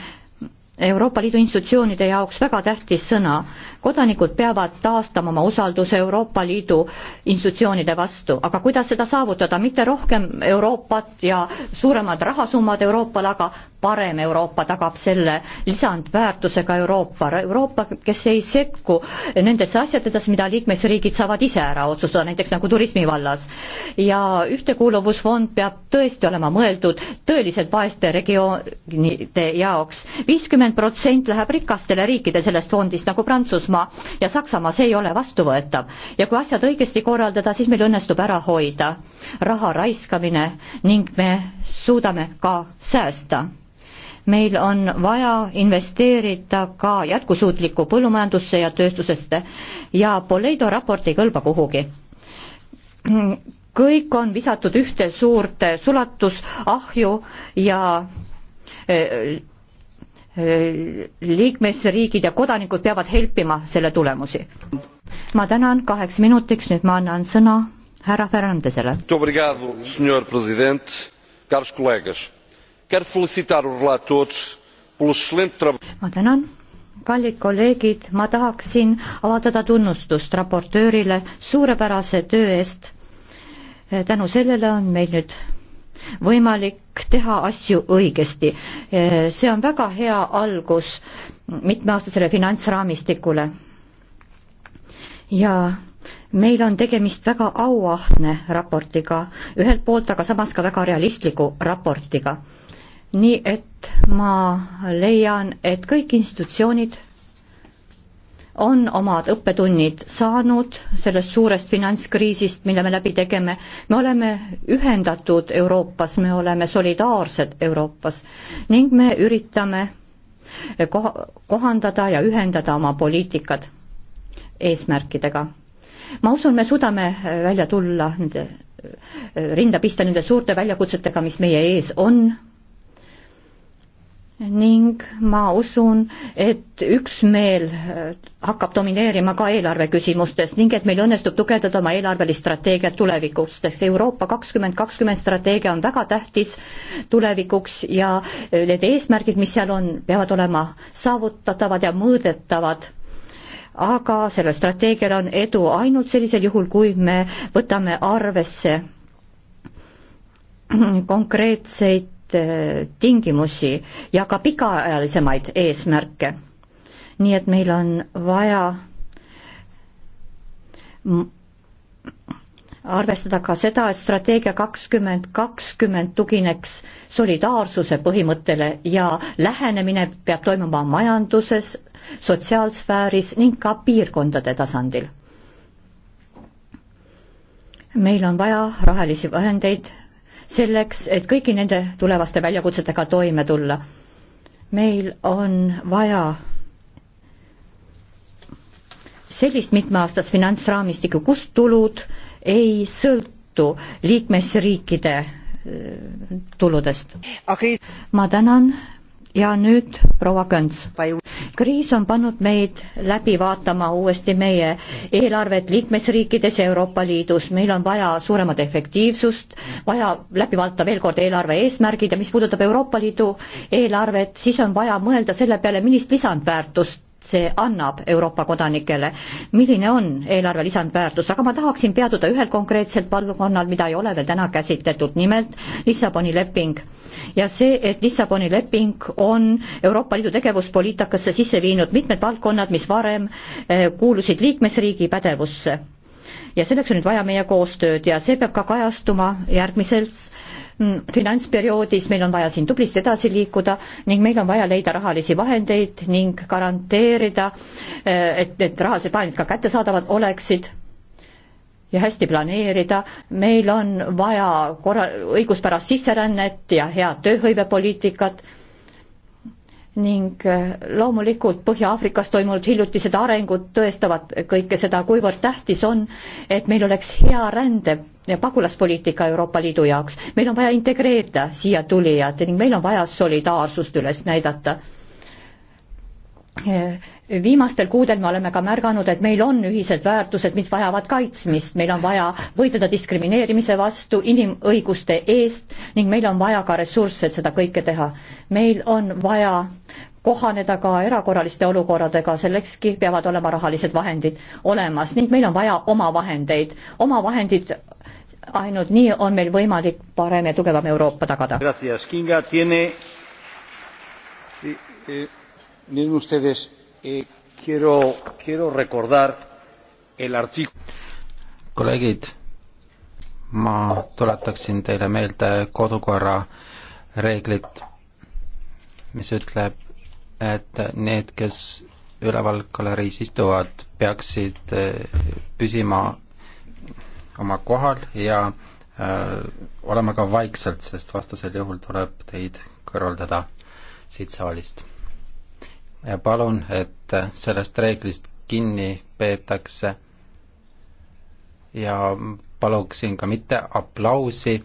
Euroopa Liidu institutsioonide jaoks väga tähtis sõna kodanikud peavad taastama oma usalduse Euroopa Liidu institutsioonide vastu, aga kuidas seda saavutada, mitte rohkem Euroopat ja suuremad rahasummad Euroopale, aga parem Euroopa tagab selle lisandväärtusega Euroopa, Euroopa, kes ei sekku nendesse asjadesse, mida liikmesriigid saavad ise ära otsustada, näiteks nagu turismi vallas. ja ühtekuuluvusfond peab tõesti olema mõeldud tõeliselt vaeste regioonide jaoks. viiskümmend protsenti läheb rikastele riikidele sellest fondist, nagu Prantsusmaa, Prantsusmaa ja Saksamaa, see ei ole vastuvõetav. ja kui asjad õigesti korraldada, siis meil õnnestub ära hoida raha raiskamine ning me suudame ka säästa meil on vaja investeerida ka jätkusuutlikku põllumajandusse ja tööstusesse ja Poleido raport ei kõlba kuhugi kõik on visatud ühte suurt sulatusahju ja eh, Äh, liikmesriigid ja kodanikud peavad helpima selle tulemusi. ma tänan kaheks minutiks, nüüd ma annan sõna härra Fernandesele. ma tänan, kallid kolleegid, ma tahaksin avaldada tunnustust raportöörile suurepärase töö eest. Äh, tänu sellele on meil nüüd võimalik teha asju õigesti. Eh, see on väga hea algus mitmeaastasele finantsraamistikule. ja meil on tegemist väga auahne raportiga, ühelt poolt, aga samas ka väga realistliku raportiga. nii et ma leian, et kõik institutsioonid on omad õppetunnid saanud sellest suurest finantskriisist, mille me läbi tegeme. me oleme ühendatud Euroopas, me oleme solidaarsed Euroopas ning me üritame kohandada ja ühendada oma poliitikad eesmärkidega. ma usun, me suudame välja tulla nende, rinda pista nende suurte väljakutsetega, mis meie ees on ning ma usun, et üksmeel äh, hakkab domineerima ka eelarve küsimustes ning et meil õnnestub tugevdada oma eelarvelist strateegiat tulevikuks, sest Euroopa kakskümmend kakskümmend strateegia on väga tähtis tulevikuks ja äh, need eesmärgid, mis seal on, peavad olema saavutatavad ja mõõdetavad aga sellel strateegial on edu ainult sellisel juhul, kui me võtame arvesse konkreetseid õigeid äh, tingimusi ja ka pikaajalisemaid eesmärke. nii et meil on vaja arvestada ka seda, et strateegia kakskümmend kakskümmend tugineks solidaarsuse põhimõttele ja lähenemine peab toimuma majanduses, sotsiaalsfääris ning ka piirkondade tasandil. meil on vaja rahalisi vahendeid selleks, et kõigi nende tulevaste väljakutsetega toime tulla. meil on vaja sellist mitmeaastast finantsraamistikku, kus tulud ei sõltu liikmesriikide äh, tuludest. ma tänan ja nüüd proua Kõns. kriis on pannud meid läbi vaatama uuesti meie eelarvet liikmesriikides ja Euroopa Liidus. meil on vaja suuremat efektiivsust, vaja läbi vaadata veel kord eelarve eesmärgid ja mis puudutab Euroopa Liidu eelarvet, siis on vaja mõelda selle peale, millist lisandväärtust see annab Euroopa kodanikele, milline on eelarve lisandväärtus, aga ma tahaksin peatuda ühel konkreetsel valdkonnal, mida ei ole veel täna käsitletud, nimelt Lissaboni leping. ja see, et Lissaboni leping on Euroopa Liidu tegevuspoliitikasse sisse viinud mitmed valdkonnad, mis varem eh, kuulusid liikmesriigi pädevusse. ja selleks on nüüd vaja meie koostööd ja see peab ka kajastuma järgmises Mm, finantsperioodis, meil on vaja siin tublisti edasi liikuda ning meil on vaja leida rahalisi vahendeid ning garanteerida, eh, et need rahalised vahendid ka kättesaadavad oleksid ja hästi planeerida, meil on vaja korra-, õiguspärast sisserännet ja head tööhõivepoliitikat ning äh, loomulikult Põhja-Aafrikas toimunud hiljutised arengud tõestavad kõike seda, kuivõrd tähtis on, et meil oleks hea rände ja pagulaspoliitika Euroopa Liidu jaoks. meil on vaja integreerida siia tulijad ning meil on vaja solidaarsust üles näidata. Äh, viimastel kuudel me oleme ka märganud, et meil on ühised väärtused, mis vajavad kaitsmist, meil on vaja võidelda diskrimineerimise vastu, inimõiguste eest ning meil on vaja ka ressursse, et seda kõike teha. meil on vaja kohaneda ka erakorraliste olukordadega, sellekski peavad olema rahalised vahendid olemas ning meil on vaja omavahendeid, omavahendid ainult nii on meil võimalik parem ja tugevam Euroopa tagada. Tiene... Tienen eh, eh, ustedes Eh, kolleegid, ma tuletaksin teile meelde kodukorra reeglit, mis ütleb, et need, kes üleval galeriis istuvad, peaksid eh, püsima oma kohal ja öö, eh, olema ka vaikselt, sest vastasel juhul tuleb teid kõrvaldada siit saalist ja palun, et sellest reeglist kinni peetakse ja paluksin ka mitte aplausi,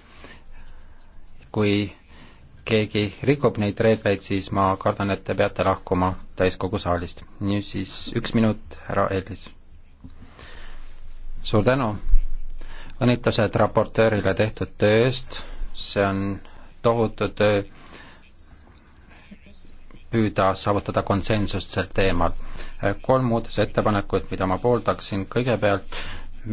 kui keegi rikub neid reegleid, siis ma kardan, et te peate lahkuma täiskogu saalist. nüüd siis üks minut, härra Eelis. suur tänu, õnnitlused raportöörile tehtud töö eest, see on tohutu töö püüda saavutada konsensust sel teemal. kolm muudatusettepanekut, mida ma pooldaksin, kõigepealt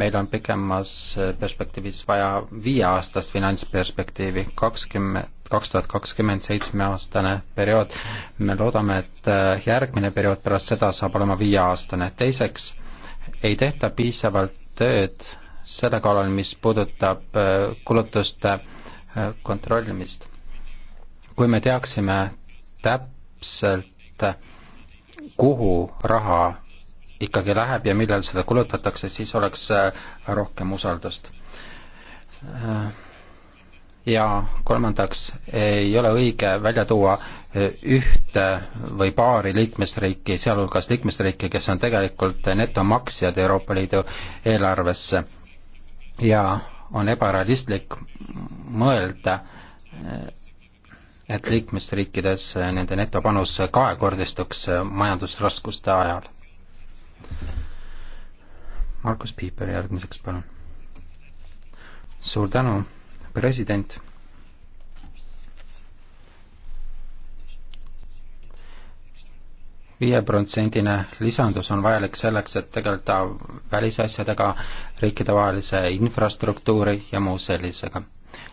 meil on pikemas perspektiivis vaja viieaastast finantsperspektiivi, kakskümmend, kaks tuhat kakskümmend seitsmeaastane periood, me loodame, et järgmine periood pärast seda saab olema viieaastane, teiseks ei tehta piisavalt tööd selle kallal, mis puudutab äh, kulutuste äh, kontrollimist. kui me teaksime täp-, täpselt, kuhu raha ikkagi läheb ja millal seda kulutatakse, siis oleks äh, rohkem usaldust. Äh, ja kolmandaks, ei ole õige välja tuua äh, ühte või paari liikmesriiki, sealhulgas liikmesriiki, kes on tegelikult netomaksjad Euroopa Liidu eelarvesse. ja on ebarealistlik mõelda, et liikmesriikides nende netopanus kahekordistuks majandusraskuste ajal. Markus Piiper järgmiseks, palun. suur tänu, president. viieprotsendine lisandus on vajalik selleks, et tegeleda välisasjadega, riikidevahelise infrastruktuuri ja muu sellisega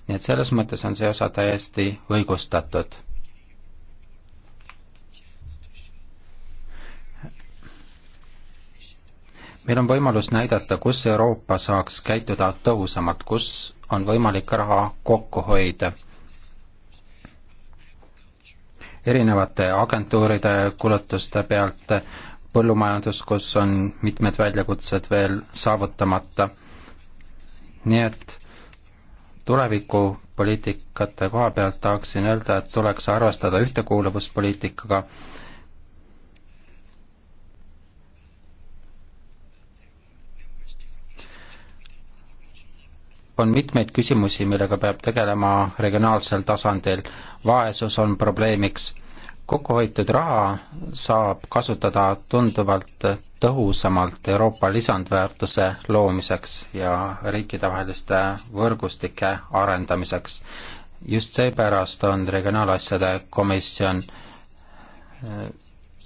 nii et selles mõttes on see osa täiesti õigustatud. meil on võimalus näidata, kus Euroopa saaks käituda tõhusamalt, kus on võimalik raha kokku hoida. erinevate agentuuride kulutuste pealt põllumajandus, kus on mitmed väljakutsed veel saavutamata. nii et tulevikupoliitikate koha pealt tahaksin öelda, et tuleks arvestada ühtekuuluvuspoliitikaga, on mitmeid küsimusi, millega peab tegelema regionaalsel tasandil. vaesus on probleemiks. kokkuhoitud raha saab kasutada tunduvalt tõhusamalt Euroopa lisandväärtuse loomiseks ja riikidevaheliste võrgustike arendamiseks. just seepärast on Regionaalasjade Komisjon eh,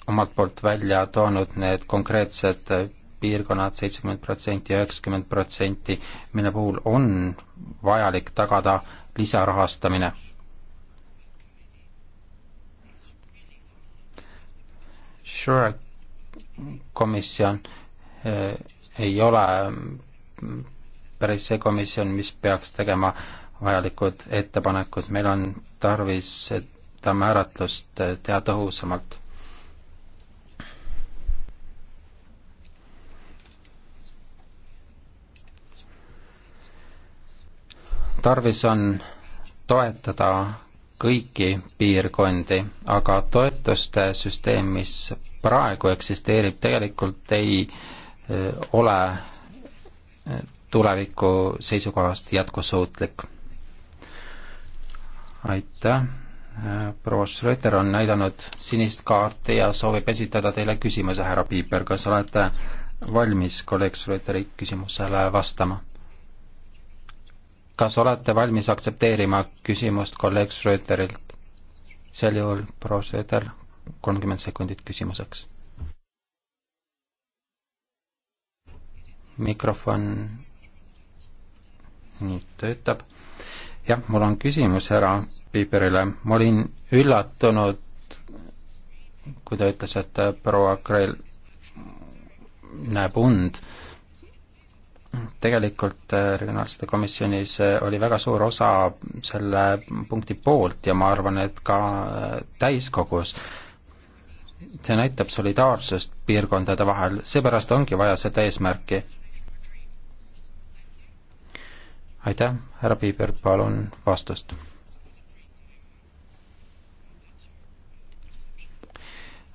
omalt poolt välja toonud need konkreetsed piirkonnad, seitsekümmend protsenti, üheksakümmend protsenti, mille puhul on vajalik tagada lisarahastamine. Sure komisjon eh, ei ole päris see komisjon, mis peaks tegema vajalikud ettepanekud, meil on tarvis seda määratlust eh, teha tõhusamalt. tarvis on toetada kõiki piirkondi, aga toetuste süsteem, mis praegu eksisteerib, tegelikult ei ole tuleviku seisukohast jätkusuutlik. aitäh, proua Schröter on näidanud sinist kaarti ja soovib esitada teile küsimuse, härra Piiper, kas olete valmis kolleeg Schröteri küsimusele vastama? kas olete valmis aktsepteerima küsimust kolleeg Schröterilt? sel juhul proua Schröter, kolmkümmend sekundit küsimuseks. mikrofon nüüd töötab. jah, mul on küsimus härra Piiberile, ma olin üllatunud, kui ta ütles, et proua Kreel näeb und. tegelikult eh, regionaalsete komisjonis eh, oli väga suur osa selle punkti poolt ja ma arvan, et ka eh, täiskogus see näitab solidaarsust piirkondade vahel, seepärast ongi vaja seda eesmärki. aitäh, härra Piiber, palun vastust.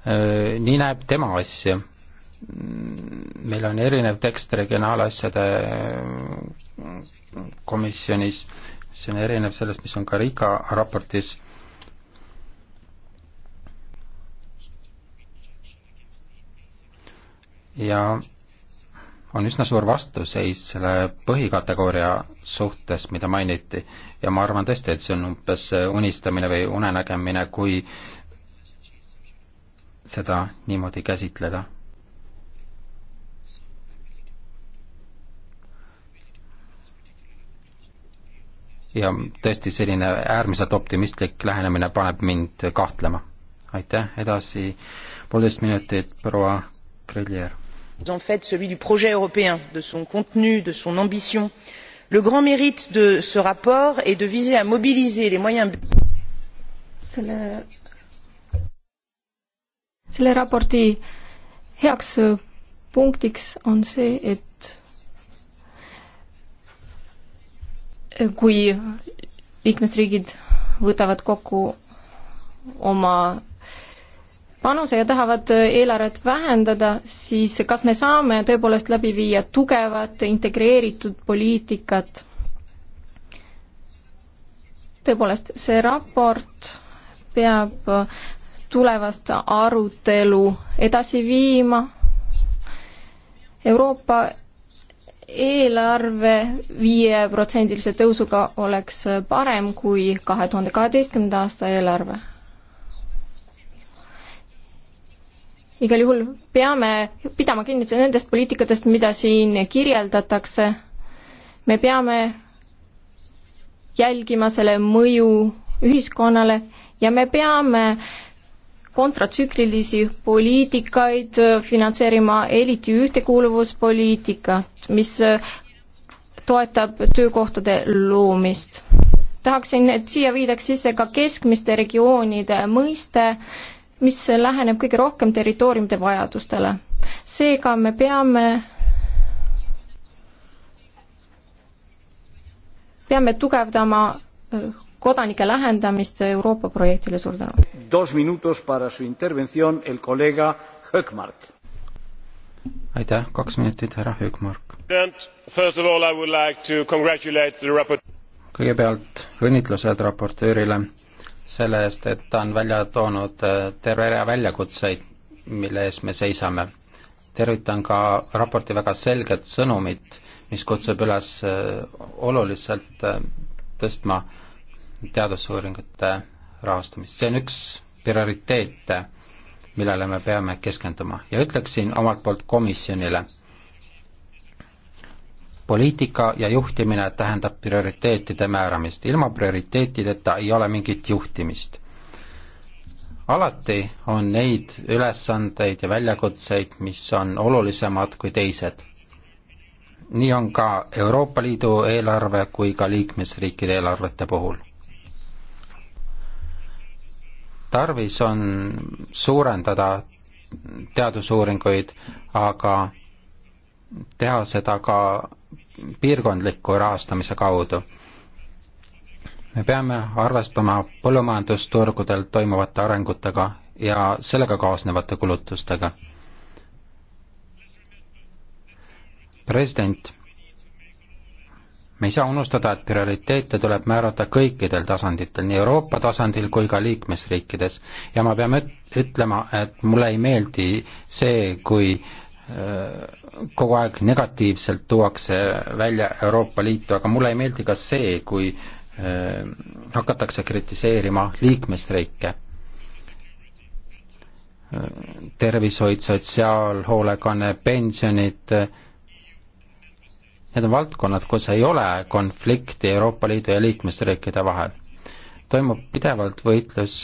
Äh, nii näeb tema asja. meil on erinev tekst regionaalasjade komisjonis, see on erinev sellest, mis on ka Riga raportis ja on üsna suur vastuseis selle põhikategooria suhtes, mida mainiti. ja ma arvan tõesti, et see on umbes unistamine või unenägemine, kui seda niimoodi käsitleda. ja tõesti, selline äärmiselt optimistlik lähenemine paneb mind kahtlema. aitäh, edasi poolteist minutit, proua Grelier en fait celui du projet européen de son contenu de son ambition. le grand mérite de ce rapport est de viser à mobiliser les moyens selle, selle raporti heaks punktiks on see, et kui liikmesriigid võtavad kokku oma panuse ja tahavad äh, eelarvet vähendada, siis kas me saame tõepoolest läbi viia tugevat integreeritud poliitikat? tõepoolest, see raport peab äh, tulevast arutelu edasi viima. Euroopa eelarve viieprotsendilise tõusuga oleks äh, parem kui kahe tuhande kaheteistkümnenda aasta eelarve igal juhul peame pidama kinni nendest poliitikatest, mida siin kirjeldatakse. me peame jälgima selle mõju ühiskonnale ja me peame kontratsüklilisi poliitikaid finantseerima, eriti ühtekuuluvuspoliitikat, mis toetab töökohtade loomist. tahaksin, et siia viidaks sisse ka keskmiste regioonide mõiste, mis läheneb kõige rohkem territooriumide vajadustele. seega me peame peame tugevdama äh, kodanike lähendamist Euroopa projektile, suur tänu. Dos minutos para su intervención el colega Hökmark. aitäh, kaks minutit, härra Hökmark. First of all I would like to congratulate the raport- kõigepealt õnnitlused raportöörile selle eest, et ta on välja toonud äh, terve rea väljakutseid, mille ees me seisame. tervitan ka raporti väga selget sõnumit, mis kutsub üles äh, oluliselt äh, tõstma teadusuuringute rahastamist. see on üks prioriteete, millele me peame keskenduma ja ütleksin omalt poolt komisjonile poliitika ja juhtimine tähendab prioriteetide määramist, ilma prioriteetideta ei ole mingit juhtimist. alati on neid ülesandeid ja väljakutseid, mis on olulisemad kui teised. nii on ka Euroopa Liidu eelarve kui ka liikmesriikide eelarvete puhul. tarvis on suurendada teadusuuringuid, aga teha seda ka piirkondliku rahastamise kaudu. me peame arvestama põllumajandusturgudel toimuvate arengutega ja sellega kaasnevate kulutustega. president, me ei saa unustada, et prioriteete tuleb määrata kõikidel tasanditel, nii Euroopa tasandil kui ka liikmesriikides ja ma pean ütlema, et mulle ei meeldi see, kui äh, Äh, kogu aeg negatiivselt tuuakse välja Euroopa Liitu, aga mulle ei meeldi ka see, kui äh, hakatakse kritiseerima liikmesriike. Äh, tervishoid, sotsiaalhoolekanne, pensionid, need on valdkonnad, kus ei ole konflikti Euroopa Liidu ja liikmesriikide vahel. toimub pidevalt võitlus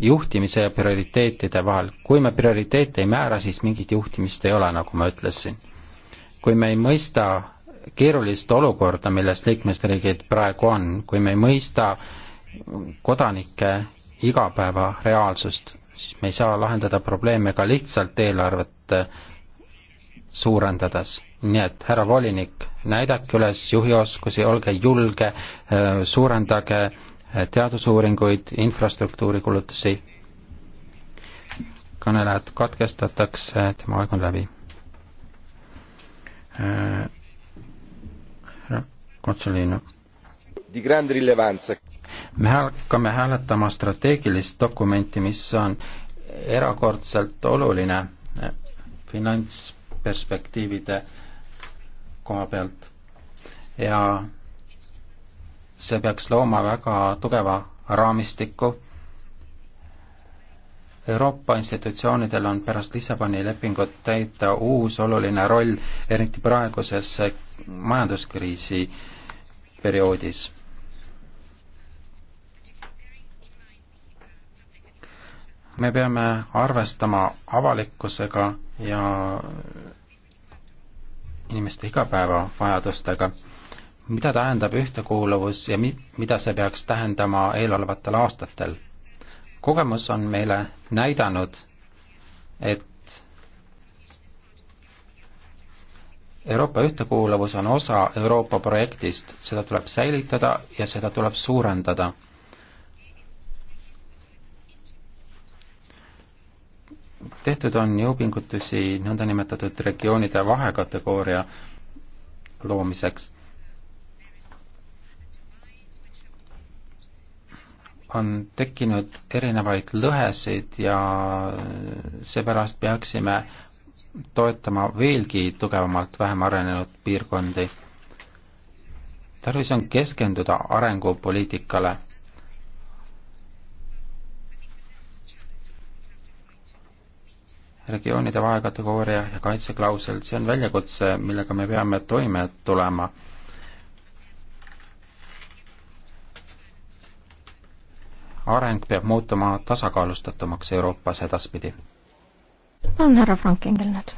juhtimise ja prioriteetide vahel. kui me prioriteete ei määra, siis mingit juhtimist ei ole, nagu ma ütlesin. kui me ei mõista keerulist olukorda, milles liikmesriigid praegu on, kui me ei mõista kodanike igapäeva reaalsust, siis me ei saa lahendada probleeme ka lihtsalt eelarvet äh, suurendades. nii et härra volinik, näidake üles juhioskusi, olge julge, äh, suurendage teadusuuringuid, infrastruktuurikulutusi. kõnelejad katkestatakse, tema aeg on läbi. härra Kotsulino. me hakkame hääletama strateegilist dokumenti, mis on erakordselt oluline finantsperspektiivide koha pealt ja see peaks looma väga tugeva raamistiku. Euroopa institutsioonidel on pärast Lissaboni lepingut täita uus oluline roll, eriti praeguses majanduskriisi perioodis. me peame arvestama avalikkusega ja inimeste igapäevavajadustega mida tähendab ühtekuuluvus ja mi-, mida see peaks tähendama eelolevatel aastatel. kogemus on meile näidanud, et Euroopa ühtekuuluvus on osa Euroopa projektist, seda tuleb säilitada ja seda tuleb suurendada. tehtud on jõupingutusi nõndanimetatud regioonide vahekategooria loomiseks on tekkinud erinevaid lõhesid ja seepärast peaksime toetama veelgi tugevamalt vähem arenenud piirkondi. tarvis on keskenduda arengupoliitikale. regioonide vahekategooria ja kaitseklausel, see on väljakutse, millega me peame toime tulema areng peab muutuma tasakaalustatumaks Euroopas edaspidi. on härra Frank Engel nüüd.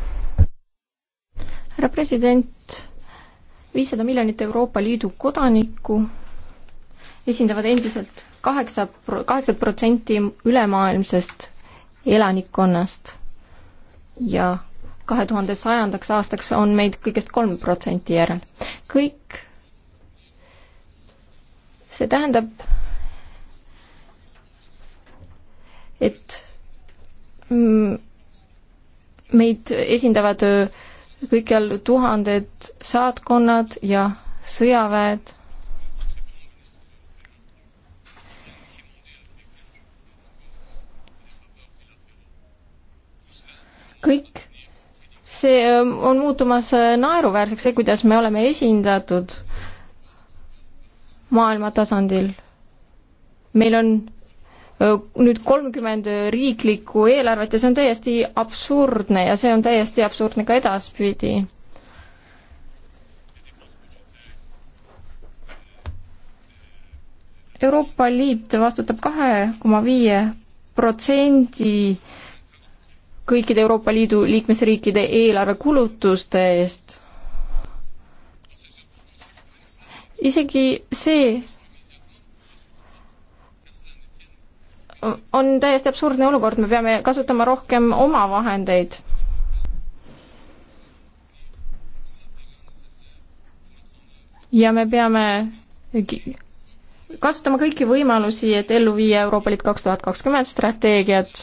härra president, viissada miljonit Euroopa Liidu kodanikku esindavad endiselt kaheksa, kaheksat protsenti ülemaailmsest elanikkonnast ja kahe tuhande sajandaks aastaks on meid kõigest kolm protsenti järel. kõik see tähendab, et mm, meid esindavad äh, kõikjal tuhanded saatkonnad ja sõjaväed. kõik see ähm, on muutumas äh, naeruväärseks, see, kuidas me oleme esindatud maailma tasandil. meil on nüüd kolmkümmend riiklikku eelarvet ja see on täiesti absurdne ja see on täiesti absurdne ka edaspidi. Euroopa Liit vastutab kahe koma viie protsendi kõikide Euroopa Liidu liikmesriikide eelarvekulutuste eest. isegi see on täiesti absurdne olukord, me peame kasutama rohkem oma vahendeid. ja me peame kasutama kõiki võimalusi, et ellu viia Euroopa Liit kaks tuhat kakskümmend strateegiat.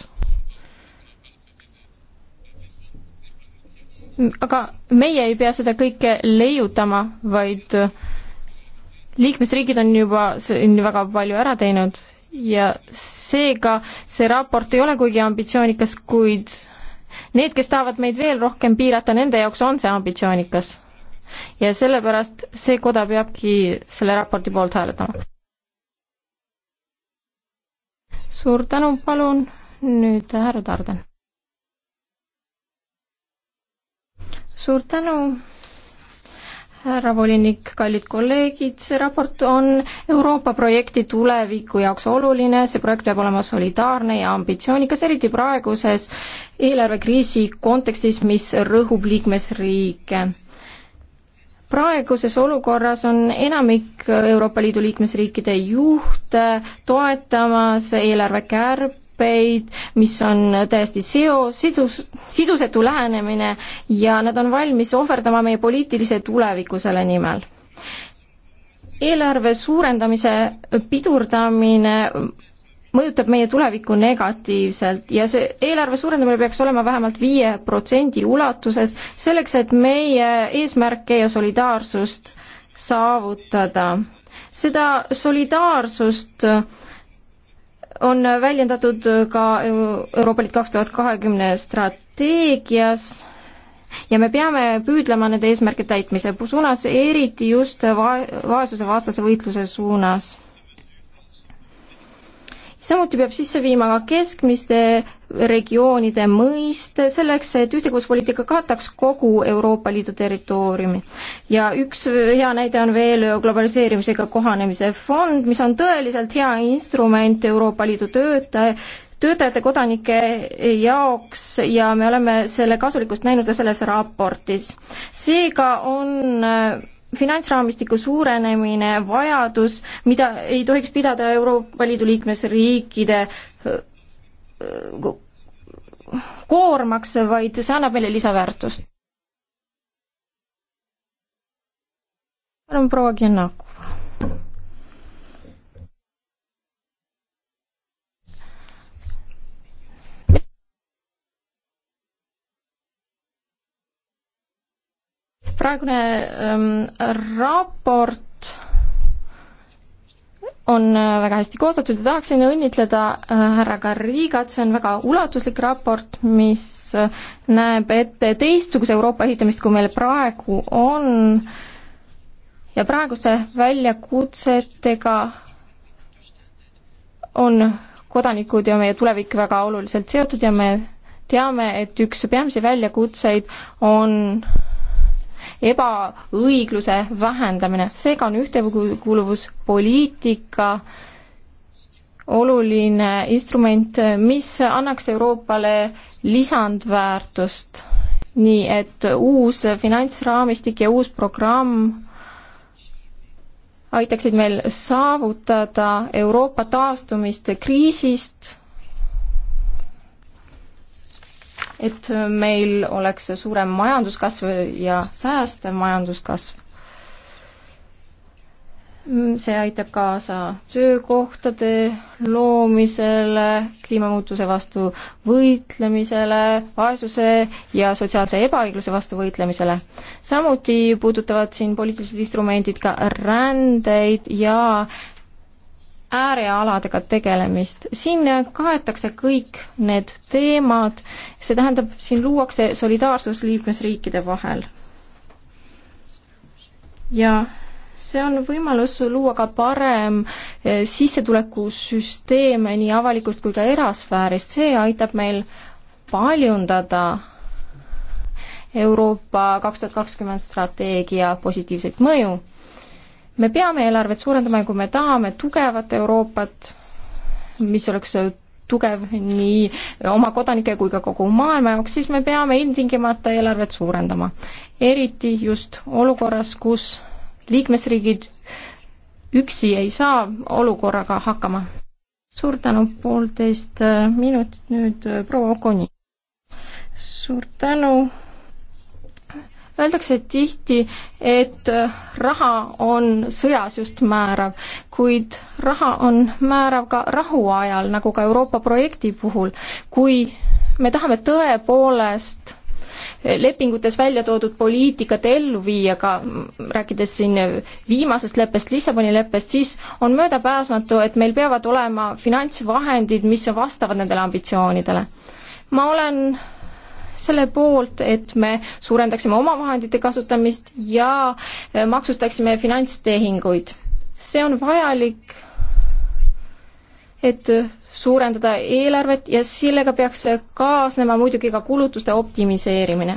aga meie ei pea seda kõike leiutama, vaid liikmesriigid on juba siin väga palju ära teinud ja seega see raport ei ole kuigi ambitsioonikas, kuid need, kes tahavad meid veel rohkem piirata, nende jaoks on see ambitsioonikas. ja sellepärast see koda peabki selle raporti poolt hääletama. suur tänu, palun nüüd härra Tarden. suur tänu, härra volinik, kallid kolleegid, see raport on Euroopa projekti tuleviku jaoks oluline, see projekt peab olema solidaarne ja ambitsioonikas, eriti praeguses eelarvekriisi kontekstis, mis rõhub liikmesriike. praeguses olukorras on enamik Euroopa Liidu liikmesriikide juhte toetamas eelarvekärbe, leppeid, mis on täiesti seos, sidus, sidusetu lähenemine ja nad on valmis ohverdama meie poliitilise tuleviku selle nimel. eelarve suurendamise pidurdamine mõjutab meie tulevikku negatiivselt ja see eelarve suurendamine peaks olema vähemalt viie protsendi ulatuses, selleks et meie eesmärke ja solidaarsust saavutada. seda solidaarsust on väljendatud ka Euroopa Liit kaks tuhat kahekümne strateegias ja me peame püüdlema nende eesmärkide täitmise suunas, eriti just va-, vaesuse vastase võitluse suunas samuti peab sisse viima ka keskmiste regioonide mõiste, selleks et ühtekuuluvuspoliitika kataks kogu Euroopa Liidu territooriumi. ja üks hea näide on veel globaliseerimisega kohanemise fond, mis on tõeliselt hea instrument Euroopa Liidu töötaja, töötajate, kodanike jaoks ja me oleme selle kasulikkust näinud ka selles raportis. seega on finantsraamistiku suurenemine, vajadus, mida ei tohiks pidada Euroopa Liidu liikmesriikide koormaks, vaid see annab meile lisaväärtust. palun proua Giannaku. praegune ähm, raport on äh, väga hästi koostatud ja tahaksin õnnitleda äh, härra Garrigat, see on väga ulatuslik raport, mis äh, näeb ette teistsuguse Euroopa ehitamist, kui meil praegu on ja praeguste väljakutsetega on kodanikud ja meie tulevik väga oluliselt seotud ja me teame, et üks peamisi väljakutseid on ebaõigluse vähendamine. seega on ühtekuuluvuspoliitika oluline instrument, mis annaks Euroopale lisandväärtust, nii et uus finantsraamistik ja uus programm aitaksid meil saavutada Euroopa taastumist kriisist et meil oleks suurem majanduskasv ja säästev majanduskasv. see aitab kaasa töökohtade loomisele, kliimamuutuse vastu võitlemisele, vaesuse ja sotsiaalse ebaõigluse vastu võitlemisele. samuti puudutavad siin poliitilised instrumendid ka rändeid ja äärealadega tegelemist. siin kaetakse kõik need teemad, see tähendab, siin luuakse solidaarsus liikmesriikide vahel. ja see on võimalus luua ka parem eh, sissetulekusüsteeme nii avalikust kui ka erasfäärist, see aitab meil paljundada Euroopa kaks tuhat kakskümmend strateegia positiivset mõju me peame eelarvet suurendama ja kui me tahame tugevat Euroopat, mis oleks tugev nii oma kodanike kui ka kogu maailma jaoks, siis me peame ilmtingimata eelarvet suurendama. eriti just olukorras, kus liikmesriigid üksi ei saa olukorraga hakkama. suur tänu, poolteist minutit nüüd proua Okoni. suur tänu Öeldakse tihti, et raha on sõjas just määrav, kuid raha on määrav ka rahuajal, nagu ka Euroopa projekti puhul. kui me tahame tõepoolest lepingutes välja toodud poliitikat ellu viia, ka rääkides siin viimasest leppest, Lissaboni leppest, siis on möödapääsmatu, et meil peavad olema finantsvahendid, mis vastavad nendele ambitsioonidele. ma olen selle poolt, et me suurendaksime omavahendite kasutamist ja eh, maksustaksime finantstehinguid. see on vajalik, et suurendada eelarvet ja sellega peaks kaasnema muidugi ka kulutuste optimiseerimine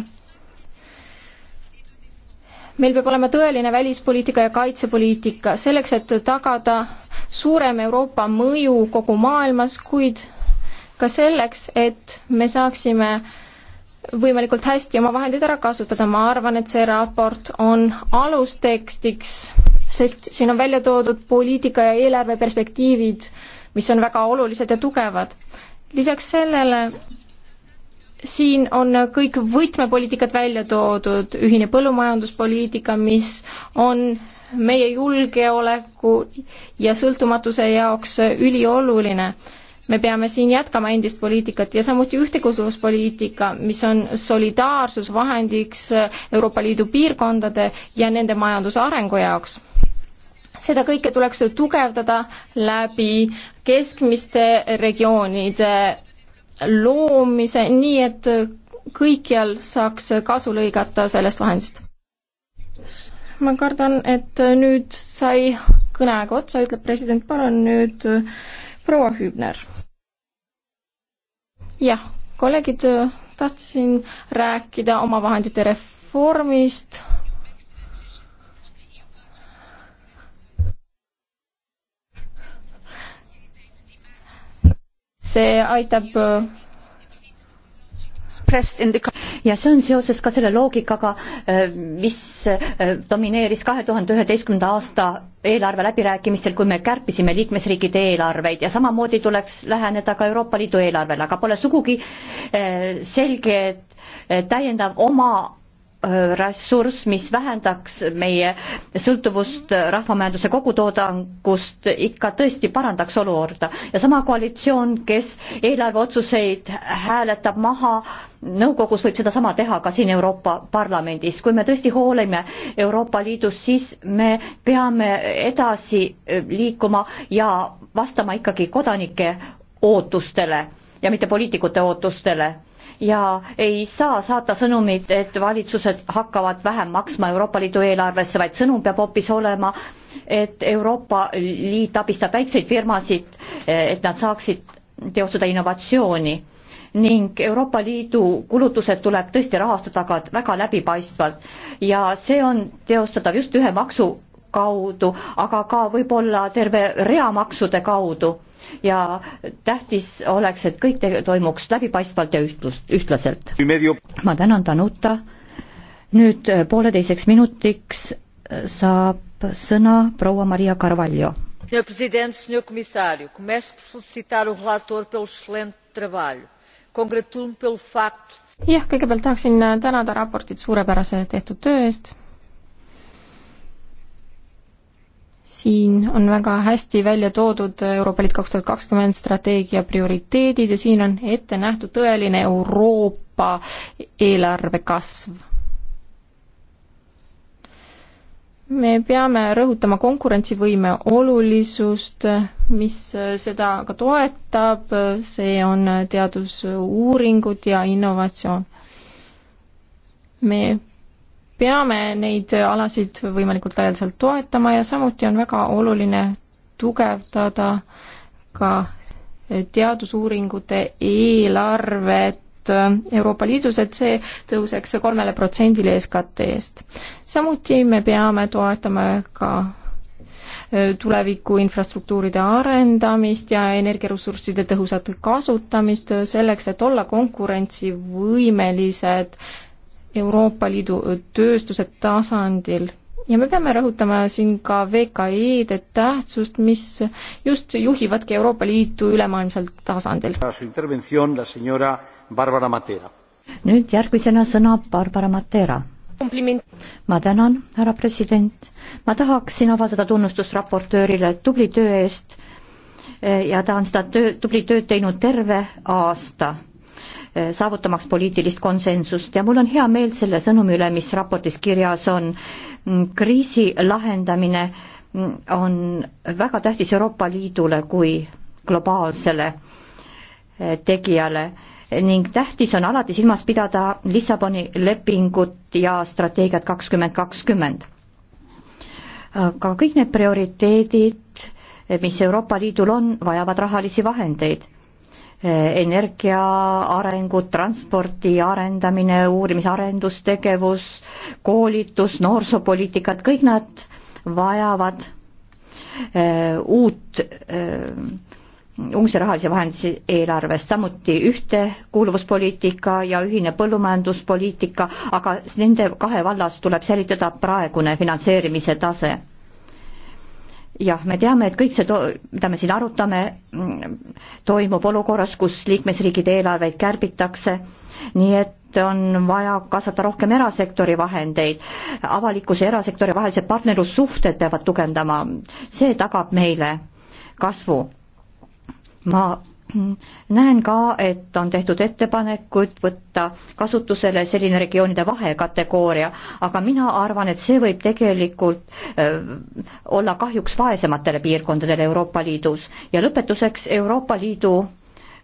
meil peab olema tõeline välispoliitika ja kaitsepoliitika selleks, et tagada suurem Euroopa mõju kogu maailmas, kuid ka selleks, et me saaksime võimalikult hästi oma vahendeid ära kasutada, ma arvan, et see raport on alustekstiks, sest siin on välja toodud poliitika ja eelarve perspektiivid, mis on väga olulised ja tugevad. lisaks sellele siin on kõik võtmepoliitikad välja toodud, ühine põllumajanduspoliitika, mis on meie julgeoleku ja sõltumatuse jaoks ülioluline me peame siin jätkama endist poliitikat ja samuti ühtekuuluvuspoliitika, mis on solidaarsusvahendiks Euroopa Liidu piirkondade ja nende majanduse arengu jaoks. seda kõike tuleks tugevdada läbi keskmiste regioonide loomise, nii et kõikjal saaks kasu lõigata sellest vahendist. ma kardan, et nüüd sai kõneaeg otsa, ütleb president, palun nüüd proua Hübner. jah, kolleegid, äh, tahtsin rääkida omavahendite reformist. see aitab äh, ja see on seoses ka selle loogikaga, äh, mis äh, domineeris kahe tuhande üheteistkümnenda aasta eelarve läbirääkimistel, kui me kärpisime liikmesriikide eelarveid ja samamoodi tuleks läheneda ka Euroopa Liidu eelarvele, aga pole sugugi äh, selge, et täiendav oma Äh, ressurss, mis vähendaks meie sõltuvust rahvamajanduse kogutoodangust, ikka tõesti parandaks olukorda. ja sama koalitsioon, kes eelarveotsuseid hääletab maha, nõukogus võib sedasama teha ka siin Euroopa Parlamendis. kui me tõesti hoolime Euroopa Liidust, siis me peame edasi liikuma ja vastama ikkagi kodanike ootustele ja mitte poliitikute ootustele ja ei saa saata sõnumit, et valitsused hakkavad vähem maksma Euroopa Liidu eelarvesse, vaid sõnum peab hoopis olema, et Euroopa Liit abistab väikseid firmasid, et nad saaksid teostada innovatsiooni ning Euroopa Liidu kulutused tuleb tõesti rahastada ka väga läbipaistvalt ja see on teostatav just ühe maksu kaudu, aga ka võib-olla terve rea maksude kaudu ja tähtis oleks, et kõik toimuks läbipaistvalt ja ühtlust, ühtlaselt. ma tänan Danuta, nüüd äh, pooleteiseks minutiks äh, saab sõna proua Maria Carvalho. Senhor Presidente, Senhor Comissário, começo por felicitar o relator pelo excelente trabalho. Congratulo-me pelo facto jah, kõigepealt tahaksin äh, tänada raportit suurepärase tehtud töö eest siin on väga hästi välja toodud Euroopa Liit kaks tuhat kakskümmend strateegia prioriteedid ja siin on ette nähtud tõeline Euroopa eelarve kasv. me peame rõhutama konkurentsivõime olulisust, mis seda ka toetab, see on teadusuuringud ja innovatsioon. me peame neid alasid võimalikult laialdaselt toetama ja samuti on väga oluline tugevdada ka teadusuuringute eelarvet Euroopa Liidus, et see tõuseks kolmele protsendile SKT-st. samuti me peame toetama ka äh, tuleviku infrastruktuuride arendamist ja energiaressursside tõhusat kasutamist selleks, et olla konkurentsivõimelised Euroopa Liidu tööstuse tasandil ja me peame rõhutama siin ka VKE-de tähtsust, mis just juhivadki Euroopa Liitu ülemaailmsel tasandil. nüüd järgmisena sõna Barbara Matera. ma tänan, härra president. ma tahaksin avaldada tunnustust raportöörile tubli töö eest eh, ja ta on seda töö, tublit tööd teinud terve aasta Eh, saavutamaks poliitilist konsensust ja mul on hea meel selle sõnumi üle, mis raportis kirjas on. Mm, kriisi lahendamine mm, on väga tähtis Euroopa Liidule kui globaalsele eh, tegijale ning tähtis on alati silmas pidada Lissaboni lepingut ja strateegiat kakskümmend kakskümmend. aga eh, kõik need prioriteedid, mis Euroopa Liidul on, vajavad rahalisi vahendeid energia arengud, transpordi arendamine, uurimis-arendustegevus, koolitus, noorsoopoliitikad, kõik nad vajavad äh, uut äh, uusi rahalisi vahendeid eelarvest, samuti ühtekuuluvuspoliitika ja ühine põllumajanduspoliitika, aga nende kahe vallas tuleb säilitada praegune finantseerimise tase jah, me teame, et kõik see, mida me siin arutame, toimub olukorras, kus liikmesriikide eelarveid kärbitakse, nii et on vaja kaasata rohkem erasektori vahendeid, avalikkuse ja erasektori vahelised partnerlussuhted peavad tugevdama, see tagab meile kasvu. ma näen ka, et on tehtud ettepanekuid võtta kasutusele selline regioonide vahekategooria, aga mina arvan, et see võib tegelikult öö, äh, olla kahjuks vaesematele piirkondadele Euroopa Liidus ja lõpetuseks Euroopa Liidu öö,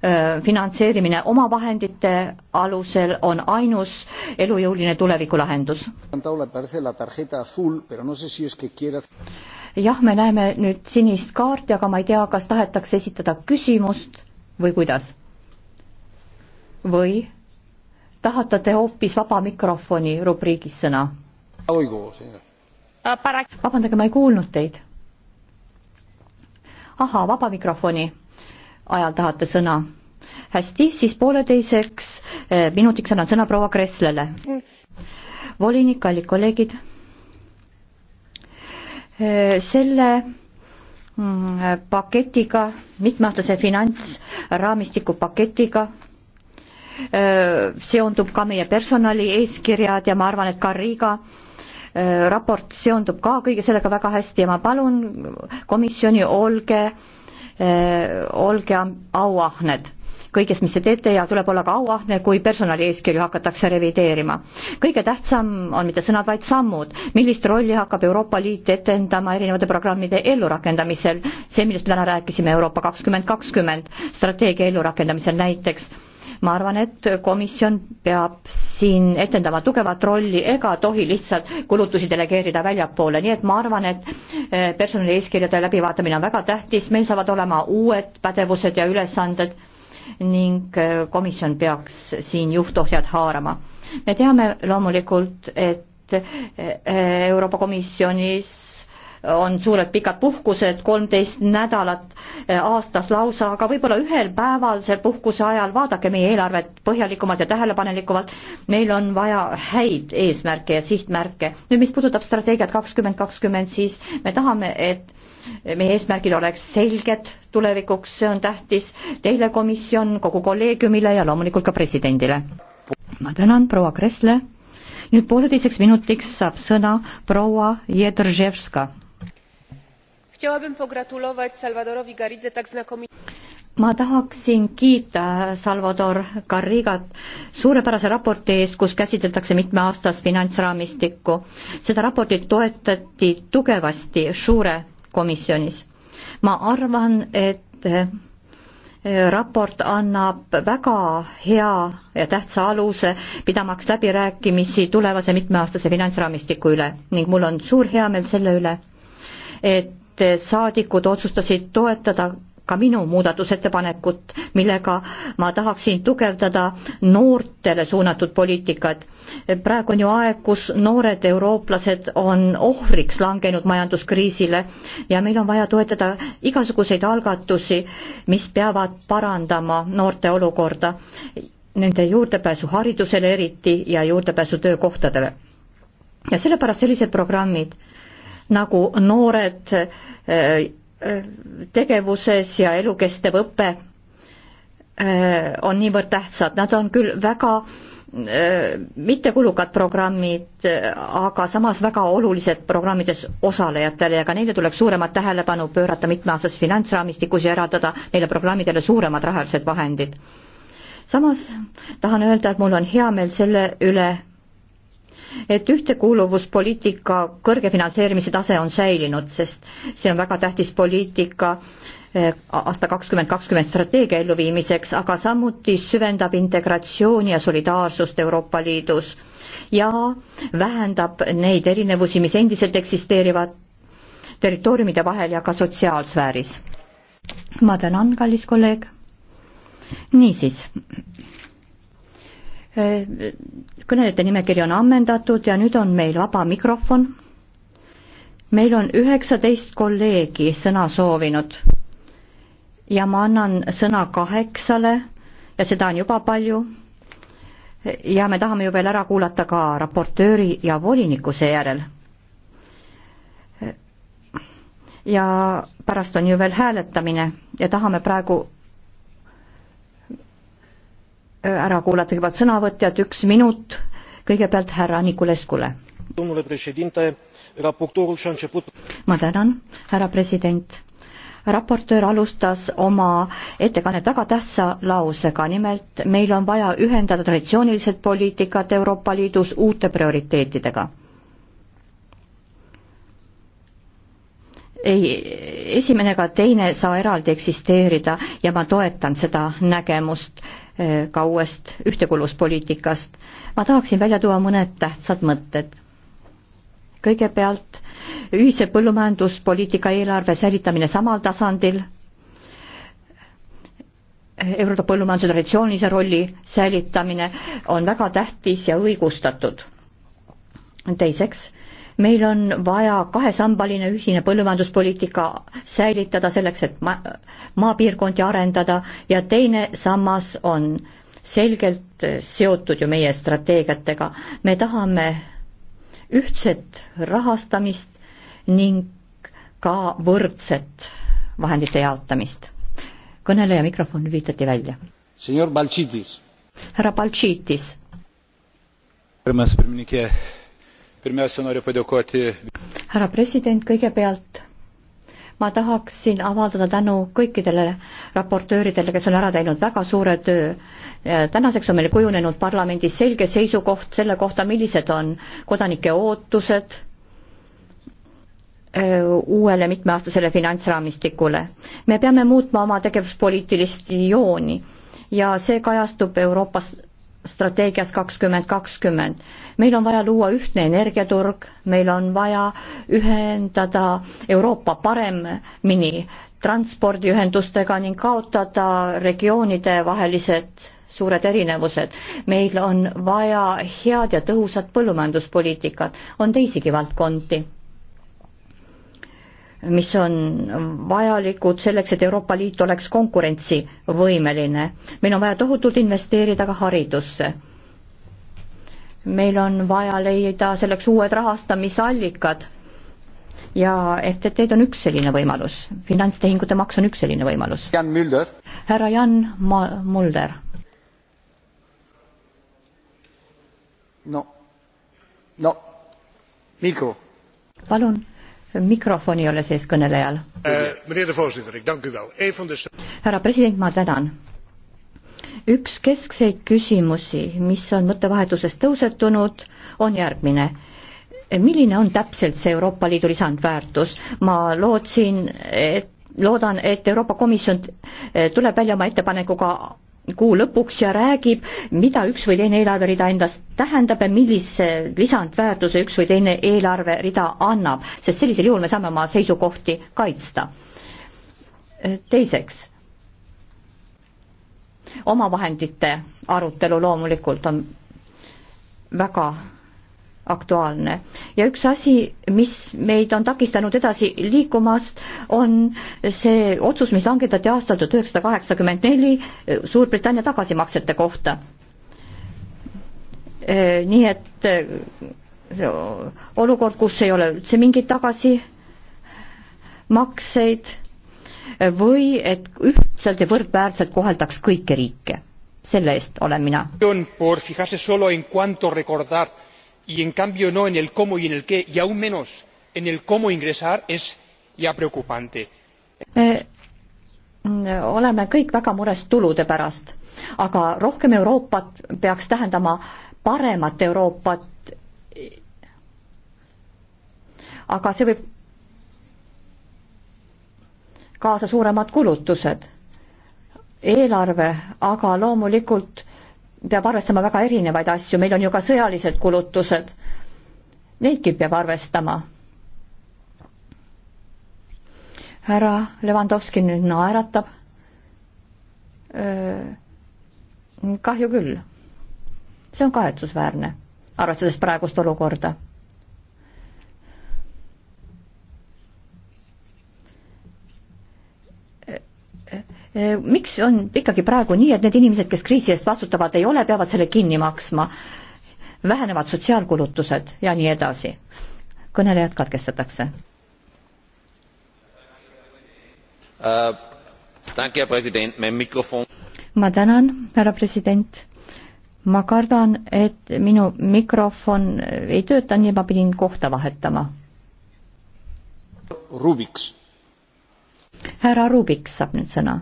äh, finantseerimine omavahendite alusel on ainus elujõuline tulevikulahendus. jah, me näeme nüüd sinist kaarti, aga ma ei tea, kas tahetakse esitada küsimust või kuidas? või tahate te hoopis vaba mikrofoni rubriigis sõna? Äh, vabandage, ma ei kuulnud teid. ahaa, vaba mikrofoni ajal tahate sõna? hästi, siis pooleteiseks äh, minutiks annan sõna proua Kresslele. volinik, kallid kolleegid, äh, selle Mm, äh, paketiga, mitmeaastase finantsraamistiku paketiga äh, seondub ka meie personali eeskirjad ja ma arvan, et ka Riiga äh, raport seondub ka kõige sellega väga hästi ja ma palun komisjoni, olge, olge auahned kõigest, mis te teete ja tuleb olla ka auahne, kui personali eeskirju hakatakse revideerima. kõige tähtsam on mitte sõnad, vaid sammud, millist rolli hakkab Euroopa Liit etendama erinevate programmide ellurakendamisel, see, millest me täna rääkisime, Euroopa kakskümmend kakskümmend strateegia ellurakendamisel näiteks ma arvan, et komisjon peab siin etendama tugevat rolli ega tohi lihtsalt kulutusi delegeerida väljapoole, nii et ma arvan, et eh, personali eeskirjade läbivaatamine on väga tähtis, meil saavad olema uued pädevused ja ülesanded ning äh, komisjon peaks siin juhtohjad haarama. me teame loomulikult, et äh, Euroopa Komisjonis on suured pikad puhkused, kolmteist nädalat äh, aastas lausa, aga võib-olla ühel päeval seal puhkuse ajal, vaadake meie eelarvet põhjalikumalt ja tähelepanelikumalt, meil on vaja häid eesmärke ja sihtmärke. nüüd, mis puudutab strateegiat kakskümmend kakskümmend, siis me tahame, et meie eesmärgid oleks selged tulevikuks, see on tähtis teile, komisjon, kogu kolleegiumile ja loomulikult ka presidendile. ma tänan, proua Kressle. nüüd pooleteiseks minutiks saab sõna proua Jedrževska. ma tahaksin kiita Salvador Garrigat suurepärase raporti eest, kus käsitletakse mitmeaastast finantsraamistikku. seda raportit toetati tugevasti suure komisjonis. ma arvan, et äh, raport annab väga hea ja tähtsa aluse pidamaks läbirääkimisi tulevase mitmeaastase finantsraamistiku üle ning mul on suur heameel selle üle, et saadikud otsustasid toetada ka minu muudatusettepanekut, millega ma tahaksin tugevdada noortele suunatud poliitikat. praegu on ju aeg, kus noored eurooplased on ohvriks langenud majanduskriisile ja meil on vaja toetada igasuguseid algatusi, mis peavad parandama noorte olukorda, nende juurdepääsu haridusele eriti ja juurdepääsu töökohtadele. ja sellepärast sellised programmid nagu Noored äh, tegevuses ja elukestev õpe on niivõrd tähtsad, nad on küll väga mittekulukad programmid, aga samas väga olulised programmides osalejatele ja ka neile tuleks suuremat tähelepanu pöörata mitmeaastases finantsraamistikus ja eraldada neile programmidele suuremad rahalised vahendid. samas tahan öelda, et mul on hea meel selle üle, et ühtekuuluvuspoliitika kõrge finantseerimise tase on säilinud, sest see on väga tähtis poliitika eh, aasta kakskümmend kakskümmend strateegia elluviimiseks, aga samuti süvendab integratsiooni ja solidaarsust Euroopa Liidus ja vähendab neid erinevusi, mis endiselt eksisteerivad territooriumide vahel ja ka sotsiaalsfääris. ma tänan, kallis kolleeg. niisiis eh, kõnelejate nimekiri on ammendatud ja nüüd on meil vaba mikrofon. meil on üheksateist kolleegi sõna soovinud ja ma annan sõna kaheksale ja seda on juba palju. ja me tahame ju veel ära kuulata ka raportööri ja voliniku seejärel. ja pärast on ju veel hääletamine ja tahame praegu ära kuulata kõigepealt sõnavõtjad, üks minut kõigepealt härra Nikuleskule. ma tänan, härra president raportöör alustas oma ettekannet väga tähtsa lausega, nimelt meil on vaja ühendada traditsioonilised poliitikad Euroopa Liidus uute prioriteetidega. ei, esimene ega teine saa eraldi eksisteerida ja ma toetan seda nägemust ka uuest ühtekuuluvuspoliitikast. ma tahaksin välja tuua mõned tähtsad mõtted. kõigepealt ühise põllumajanduspoliitika eelarve säilitamine samal tasandil, Euroopa põllumajanduse traditsioonilise rolli säilitamine on väga tähtis ja õigustatud. teiseks, meil on vaja kahesambaline ühine põllumajanduspoliitika säilitada selleks, et ma-, maapiirkondi arendada ja teine sammas on selgelt seotud ju meie strateegiatega. me tahame ühtset rahastamist ning ka võrdset vahendite jaotamist. kõneleja mikrofon lülitati välja. härra Baltšiitis härra president, kõigepealt ma tahaksin avaldada tänu kõikidele raportööridele, kes on ära teinud väga suure töö. tänaseks on meil kujunenud parlamendis selge seisukoht selle kohta, millised on kodanike ootused äh, uuele mitmeaastasele finantsraamistikule. me peame muutma oma tegevuspoliitilist jooni ja see kajastub Euroopas strateegias kakskümmend kakskümmend. meil on vaja luua ühtne energiaturg, meil on vaja ühendada Euroopa paremini transpordiühendustega ning kaotada regioonide vahelised suured erinevused. meil on vaja head ja tõhusat põllumajanduspoliitikat, on teisigi valdkondi mis on vajalikud selleks, et Euroopa Liit oleks konkurentsivõimeline. meil on vaja tohutult investeerida ka haridusse. meil on vaja leida selleks uued rahastamisallikad ja FTT-d on üks selline võimalus, finantstehingute maks on üks selline võimalus. härra Jan Ma-, Mulder. no, no, Mikko. palun mikrofon ei ole sees kõnelejal. Eh, härra president, ma tänan. üks keskseid küsimusi, mis on mõttevahetuses tõusetunud, on järgmine milline on täpselt see Euroopa Liidu lisandväärtus? ma lootsin, et loodan, et Euroopa Komisjon eh, tuleb välja oma ettepanekuga kuu lõpuks ja räägib, mida üks või teine eelarverida endast tähendab ja millise lisandväärtuse üks või teine eelarverida annab, sest sellisel juhul me saame oma seisukohti kaitsta. teiseks, omavahendite arutelu loomulikult on väga aktuaalne. ja üks asi, mis meid on takistanud edasi liikumast, on see otsus, mis langetati aastal tuhat üheksasada kaheksakümmend neli eh, Suurbritannia tagasimaksete kohta. Eh, nii et eh, olukord, kus ei ole üldse mingeid tagasimakseid või et ühtselt ja võrdväärselt koheldaks kõiki riike. selle eest olen mina. por fijarse solo en cuánto recordar y en cambio no en el cómo y en el qué y aún menos en el cómo ingresar es ya preocupante. me oleme kõik väga mures tulude pärast aga rohkem euroopat peaks tähendama paremat euroopat aga see võib kaasa suuremad kulutused eelarve aga loomulikult peab arvestama väga erinevaid asju, meil on ju ka sõjalised kulutused. Neidki peab arvestama. härra Levanovski nüüd naeratab. kahju küll. see on kahetsusväärne, arvestades praegust olukorda. Äh, miks on ikkagi praegu nii, et need inimesed, kes kriisi eest vastutavad ei ole, peavad selle kinni maksma? vähenevad sotsiaalkulutused ja nii edasi. kõnelejad katkestatakse uh,. ma tänan, härra president. ma kardan, et minu mikrofon ei tööta, nii ma pidin kohta vahetama. Rubiks. härra Rubiks saab nüüd sõna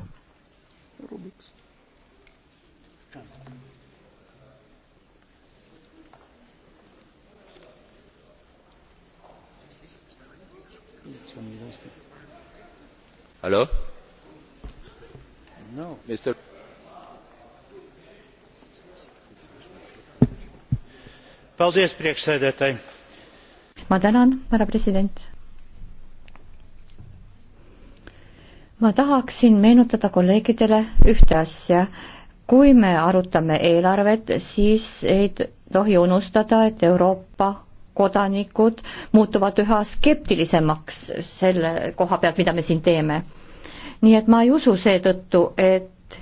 hello? No. Mr. Paldies, priekšsēdētāji. Ma tänan, härra president. ma tahaksin meenutada kolleegidele ühte asja. kui me arutame eelarvet, siis ei tohi unustada, et Euroopa kodanikud muutuvad üha skeptilisemaks selle koha pealt, mida me siin teeme. nii et ma ei usu seetõttu, et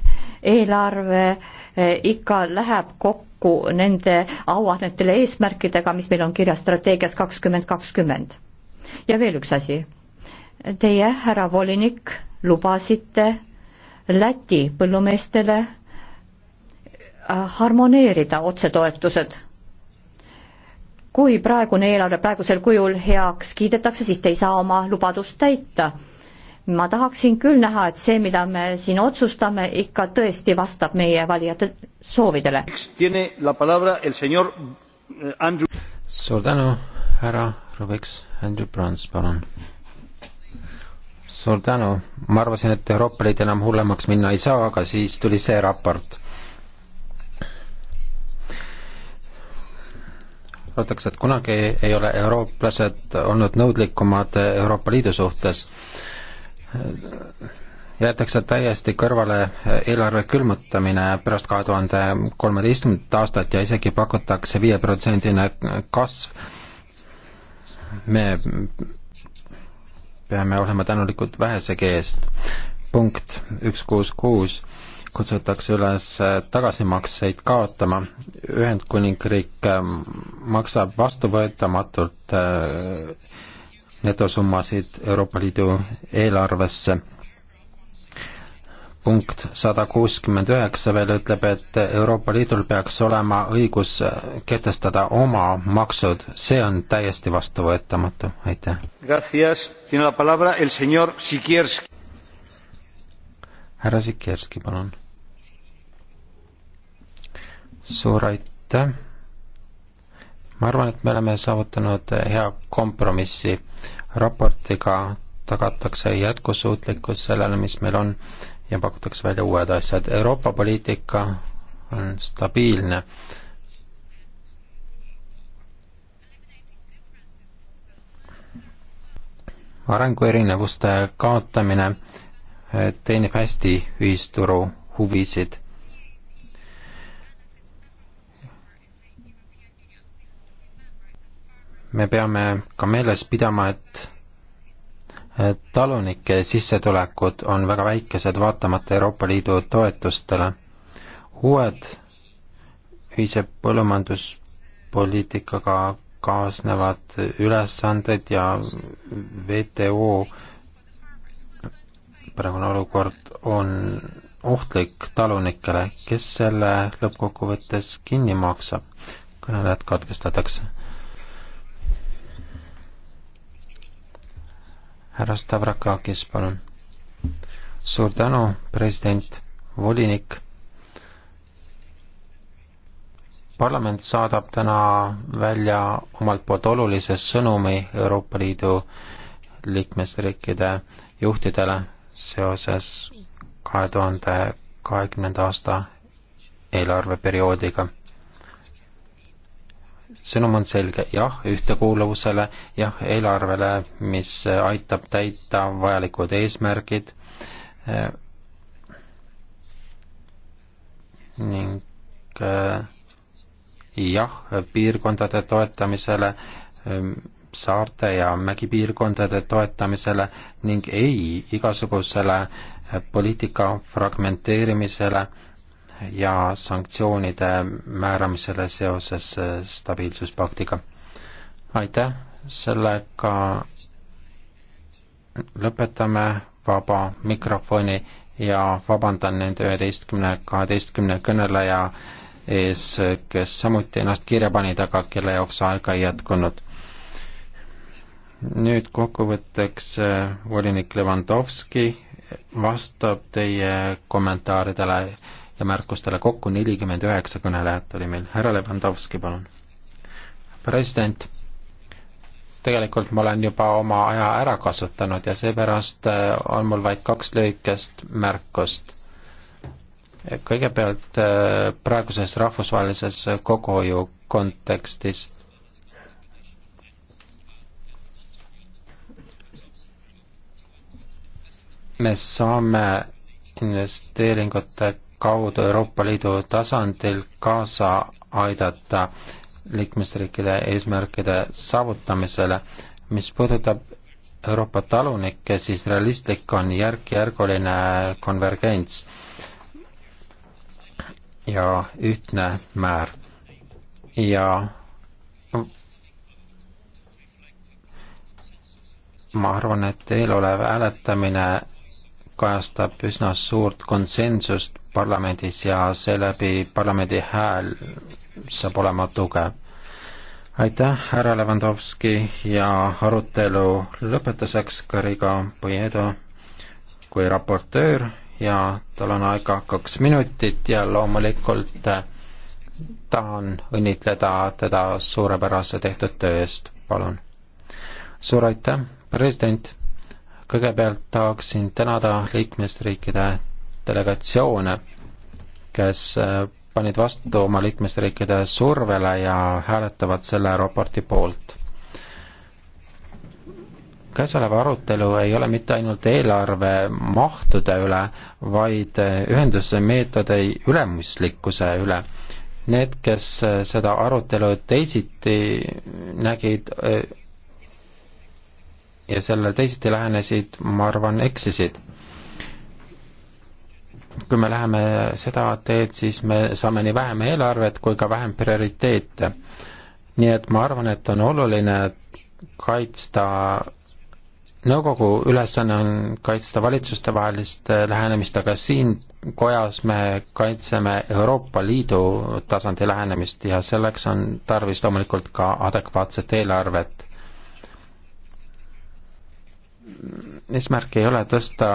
eelarve eh, ikka läheb kokku nende auahnetele eesmärkidega, mis meil on kirjas strateegias kakskümmend kakskümmend. ja veel üks asi. Teie, härra volinik, lubasite Läti põllumeestele eh, harmoneerida otsetoetused kui praegune eelarve praegusel kujul heaks kiidetakse, siis te ei saa oma lubadust täita. ma tahaksin küll näha, et see, mida me siin otsustame, ikka tõesti vastab meie valijate soovidele. Eh, suur tänu, härra Rubeks, Andrew Brans, palun. suur tänu, ma arvasin, et Euroopa Liit enam hullemaks minna ei saa, aga siis tuli see raport ütleks, et kunagi ei ole eurooplased olnud nõudlikumad Euroopa Liidu suhtes. jäetakse täiesti kõrvale eelarve külmutamine pärast kahe tuhande kolmeteistkümnendat aastat ja isegi pakutakse viieprotsendine kasv. me peame olema tänulikud vähesegi eest. punkt üks kuus kuus kutsutakse üles tagasimakseid kaotama. Ühendkuningriik ähm, maksab vastuvõetamatult äh, netosummasid Euroopa Liidu eelarvesse. punkt sada kuuskümmend üheksa veel ütleb, et Euroopa Liidul peaks olema õigus kehtestada oma maksud, see on täiesti vastuvõetamatu, aitäh. härra Sikerski, palun suur aitäh! ma arvan, et me oleme saavutanud hea kompromissi. raportiga tagatakse jätkusuutlikkus sellele, mis meil on ja pakutakse välja uued asjad. Euroopa poliitika on stabiilne. arenguerinevuste kaotamine eh, teenib hästi ühisturu huvisid me peame ka meeles pidama, et talunike sissetulekud on väga väikesed, vaatamata Euroopa Liidu toetustele. uued ühise põllumajanduspoliitikaga kaasnevad ülesanded ja WTO praegune olukord on ohtlik talunikele, kes selle lõppkokkuvõttes kinni maksab, kõnelejad katkestatakse härra Stavrakakis, palun. suur tänu, president, volinik. parlament saadab täna välja omalt poolt olulise sõnumi Euroopa Liidu liikmesriikide juhtidele seoses kahe tuhande kahekümnenda aasta eelarveperioodiga sõnum on selge, jah ühtekuuluvusele, jah eelarvele, mis aitab täita vajalikud eesmärgid eh, ning eh, jah, piirkondade toetamisele, eh, saarte ja mägipiirkondade toetamisele ning ei igasugusele poliitika fragmenteerimisele äh, ja sanktsioonide määramisele seoses äh, stabiilsuspaktiga. aitäh, sellega lõpetame vaba mikrofoni ja vabandan nende üheteistkümne, kaheteistkümne kõneleja ees, kes samuti ennast kirja panid, aga kelle jaoks aega ei jätkunud. nüüd kokkuvõtteks äh, volinik Levanovski vastab teie kommentaaridele ja märkustele, kokku nelikümmend üheksa kõnelejat oli meil. härra Levandovski, palun. president, tegelikult ma olen juba oma aja ära kasutanud ja seepärast äh, on mul vaid kaks lühikest märkust. kõigepealt äh, praeguses rahvusvahelises kokkuhoiu kontekstis me saame investeeringute kaudu Euroopa Liidu tasandil kaasa aidata liikmesriikide eesmärkide saavutamisele. mis puudutab Euroopa talunikke, siis realistlik on järk-järguline konvergents ja ühtne määr. ja ma arvan, et eelolev hääletamine kajastab üsna suurt konsensust parlamendis ja seeläbi parlamendi hääl saab olema tugev. aitäh, härra Levandovski ja arutelu lõpetuseks Kariga Pojedo kui raportöör ja tal on aega kaks minutit ja loomulikult tahan õnnitleda teda suurepärase tehtud töö eest, palun. suur aitäh, president! kõigepealt tahaksin tänada liikmesriikide delegatsioone, kes äh, panid vastu oma liikmesriikide survele ja hääletavad selle raporti poolt. käesoleva arutelu ei ole mitte ainult eelarve mahtude üle, vaid äh, ühenduse meetodi ülemuslikkuse üle. Need, kes äh, seda arutelu teisiti nägid ja sellele teisiti lähenesid, ma arvan, eksisid kui me läheme seda teed, siis me saame nii vähem eelarvet kui ka vähem prioriteete. nii et ma arvan, et on oluline kaitsta nõukogu ülesanne on kaitsta valitsustevahelist äh, lähenemist, aga siin kojas me kaitseme Euroopa Liidu tasandi lähenemist ja selleks on tarvis loomulikult ka adekvaatset eelarvet. eesmärk ei ole tõsta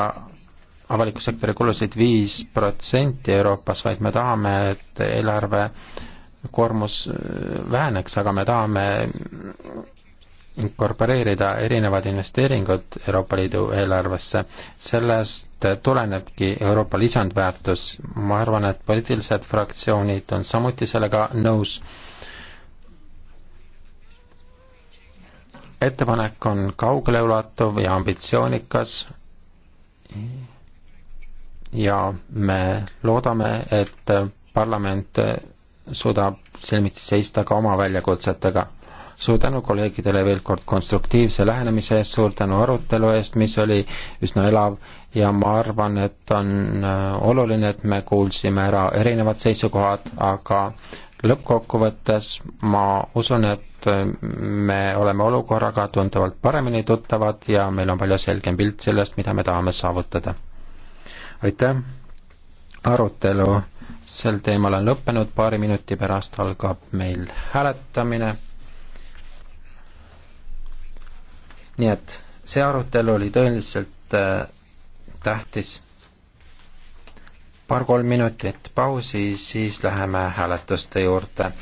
avaliku sektori kulusid viis protsenti Euroopas, vaid me tahame, et eelarve koormus äh, väheneks, aga me tahame inkorporeerida erinevad investeeringud Euroopa Liidu eelarvesse, sellest tulenebki Euroopa lisandväärtus. ma arvan, et poliitilised fraktsioonid on samuti sellega nõus. ettepanek on kaugeleulatuv ja ambitsioonikas ja me loodame, et parlament suudab silmitsi seista ka oma väljakutsetega. suur tänu kolleegidele veel kord konstruktiivse lähenemise eest, suur tänu arutelu eest, mis oli üsna elav ja ma arvan, et on äh, oluline, et me kuulsime ära erinevad seisukohad, aga lõppkokkuvõttes ma usun, et äh, me oleme olukorraga tunduvalt paremini tuttavad ja meil on palju selgem pilt sellest, mida me tahame saavutada aitäh, arutelu sel teemal on lõppenud, paari minuti pärast algab meil hääletamine. nii et see arutelu oli tõeliselt äh, tähtis. paar-kolm minutit pausi, siis läheme hääletuste juurde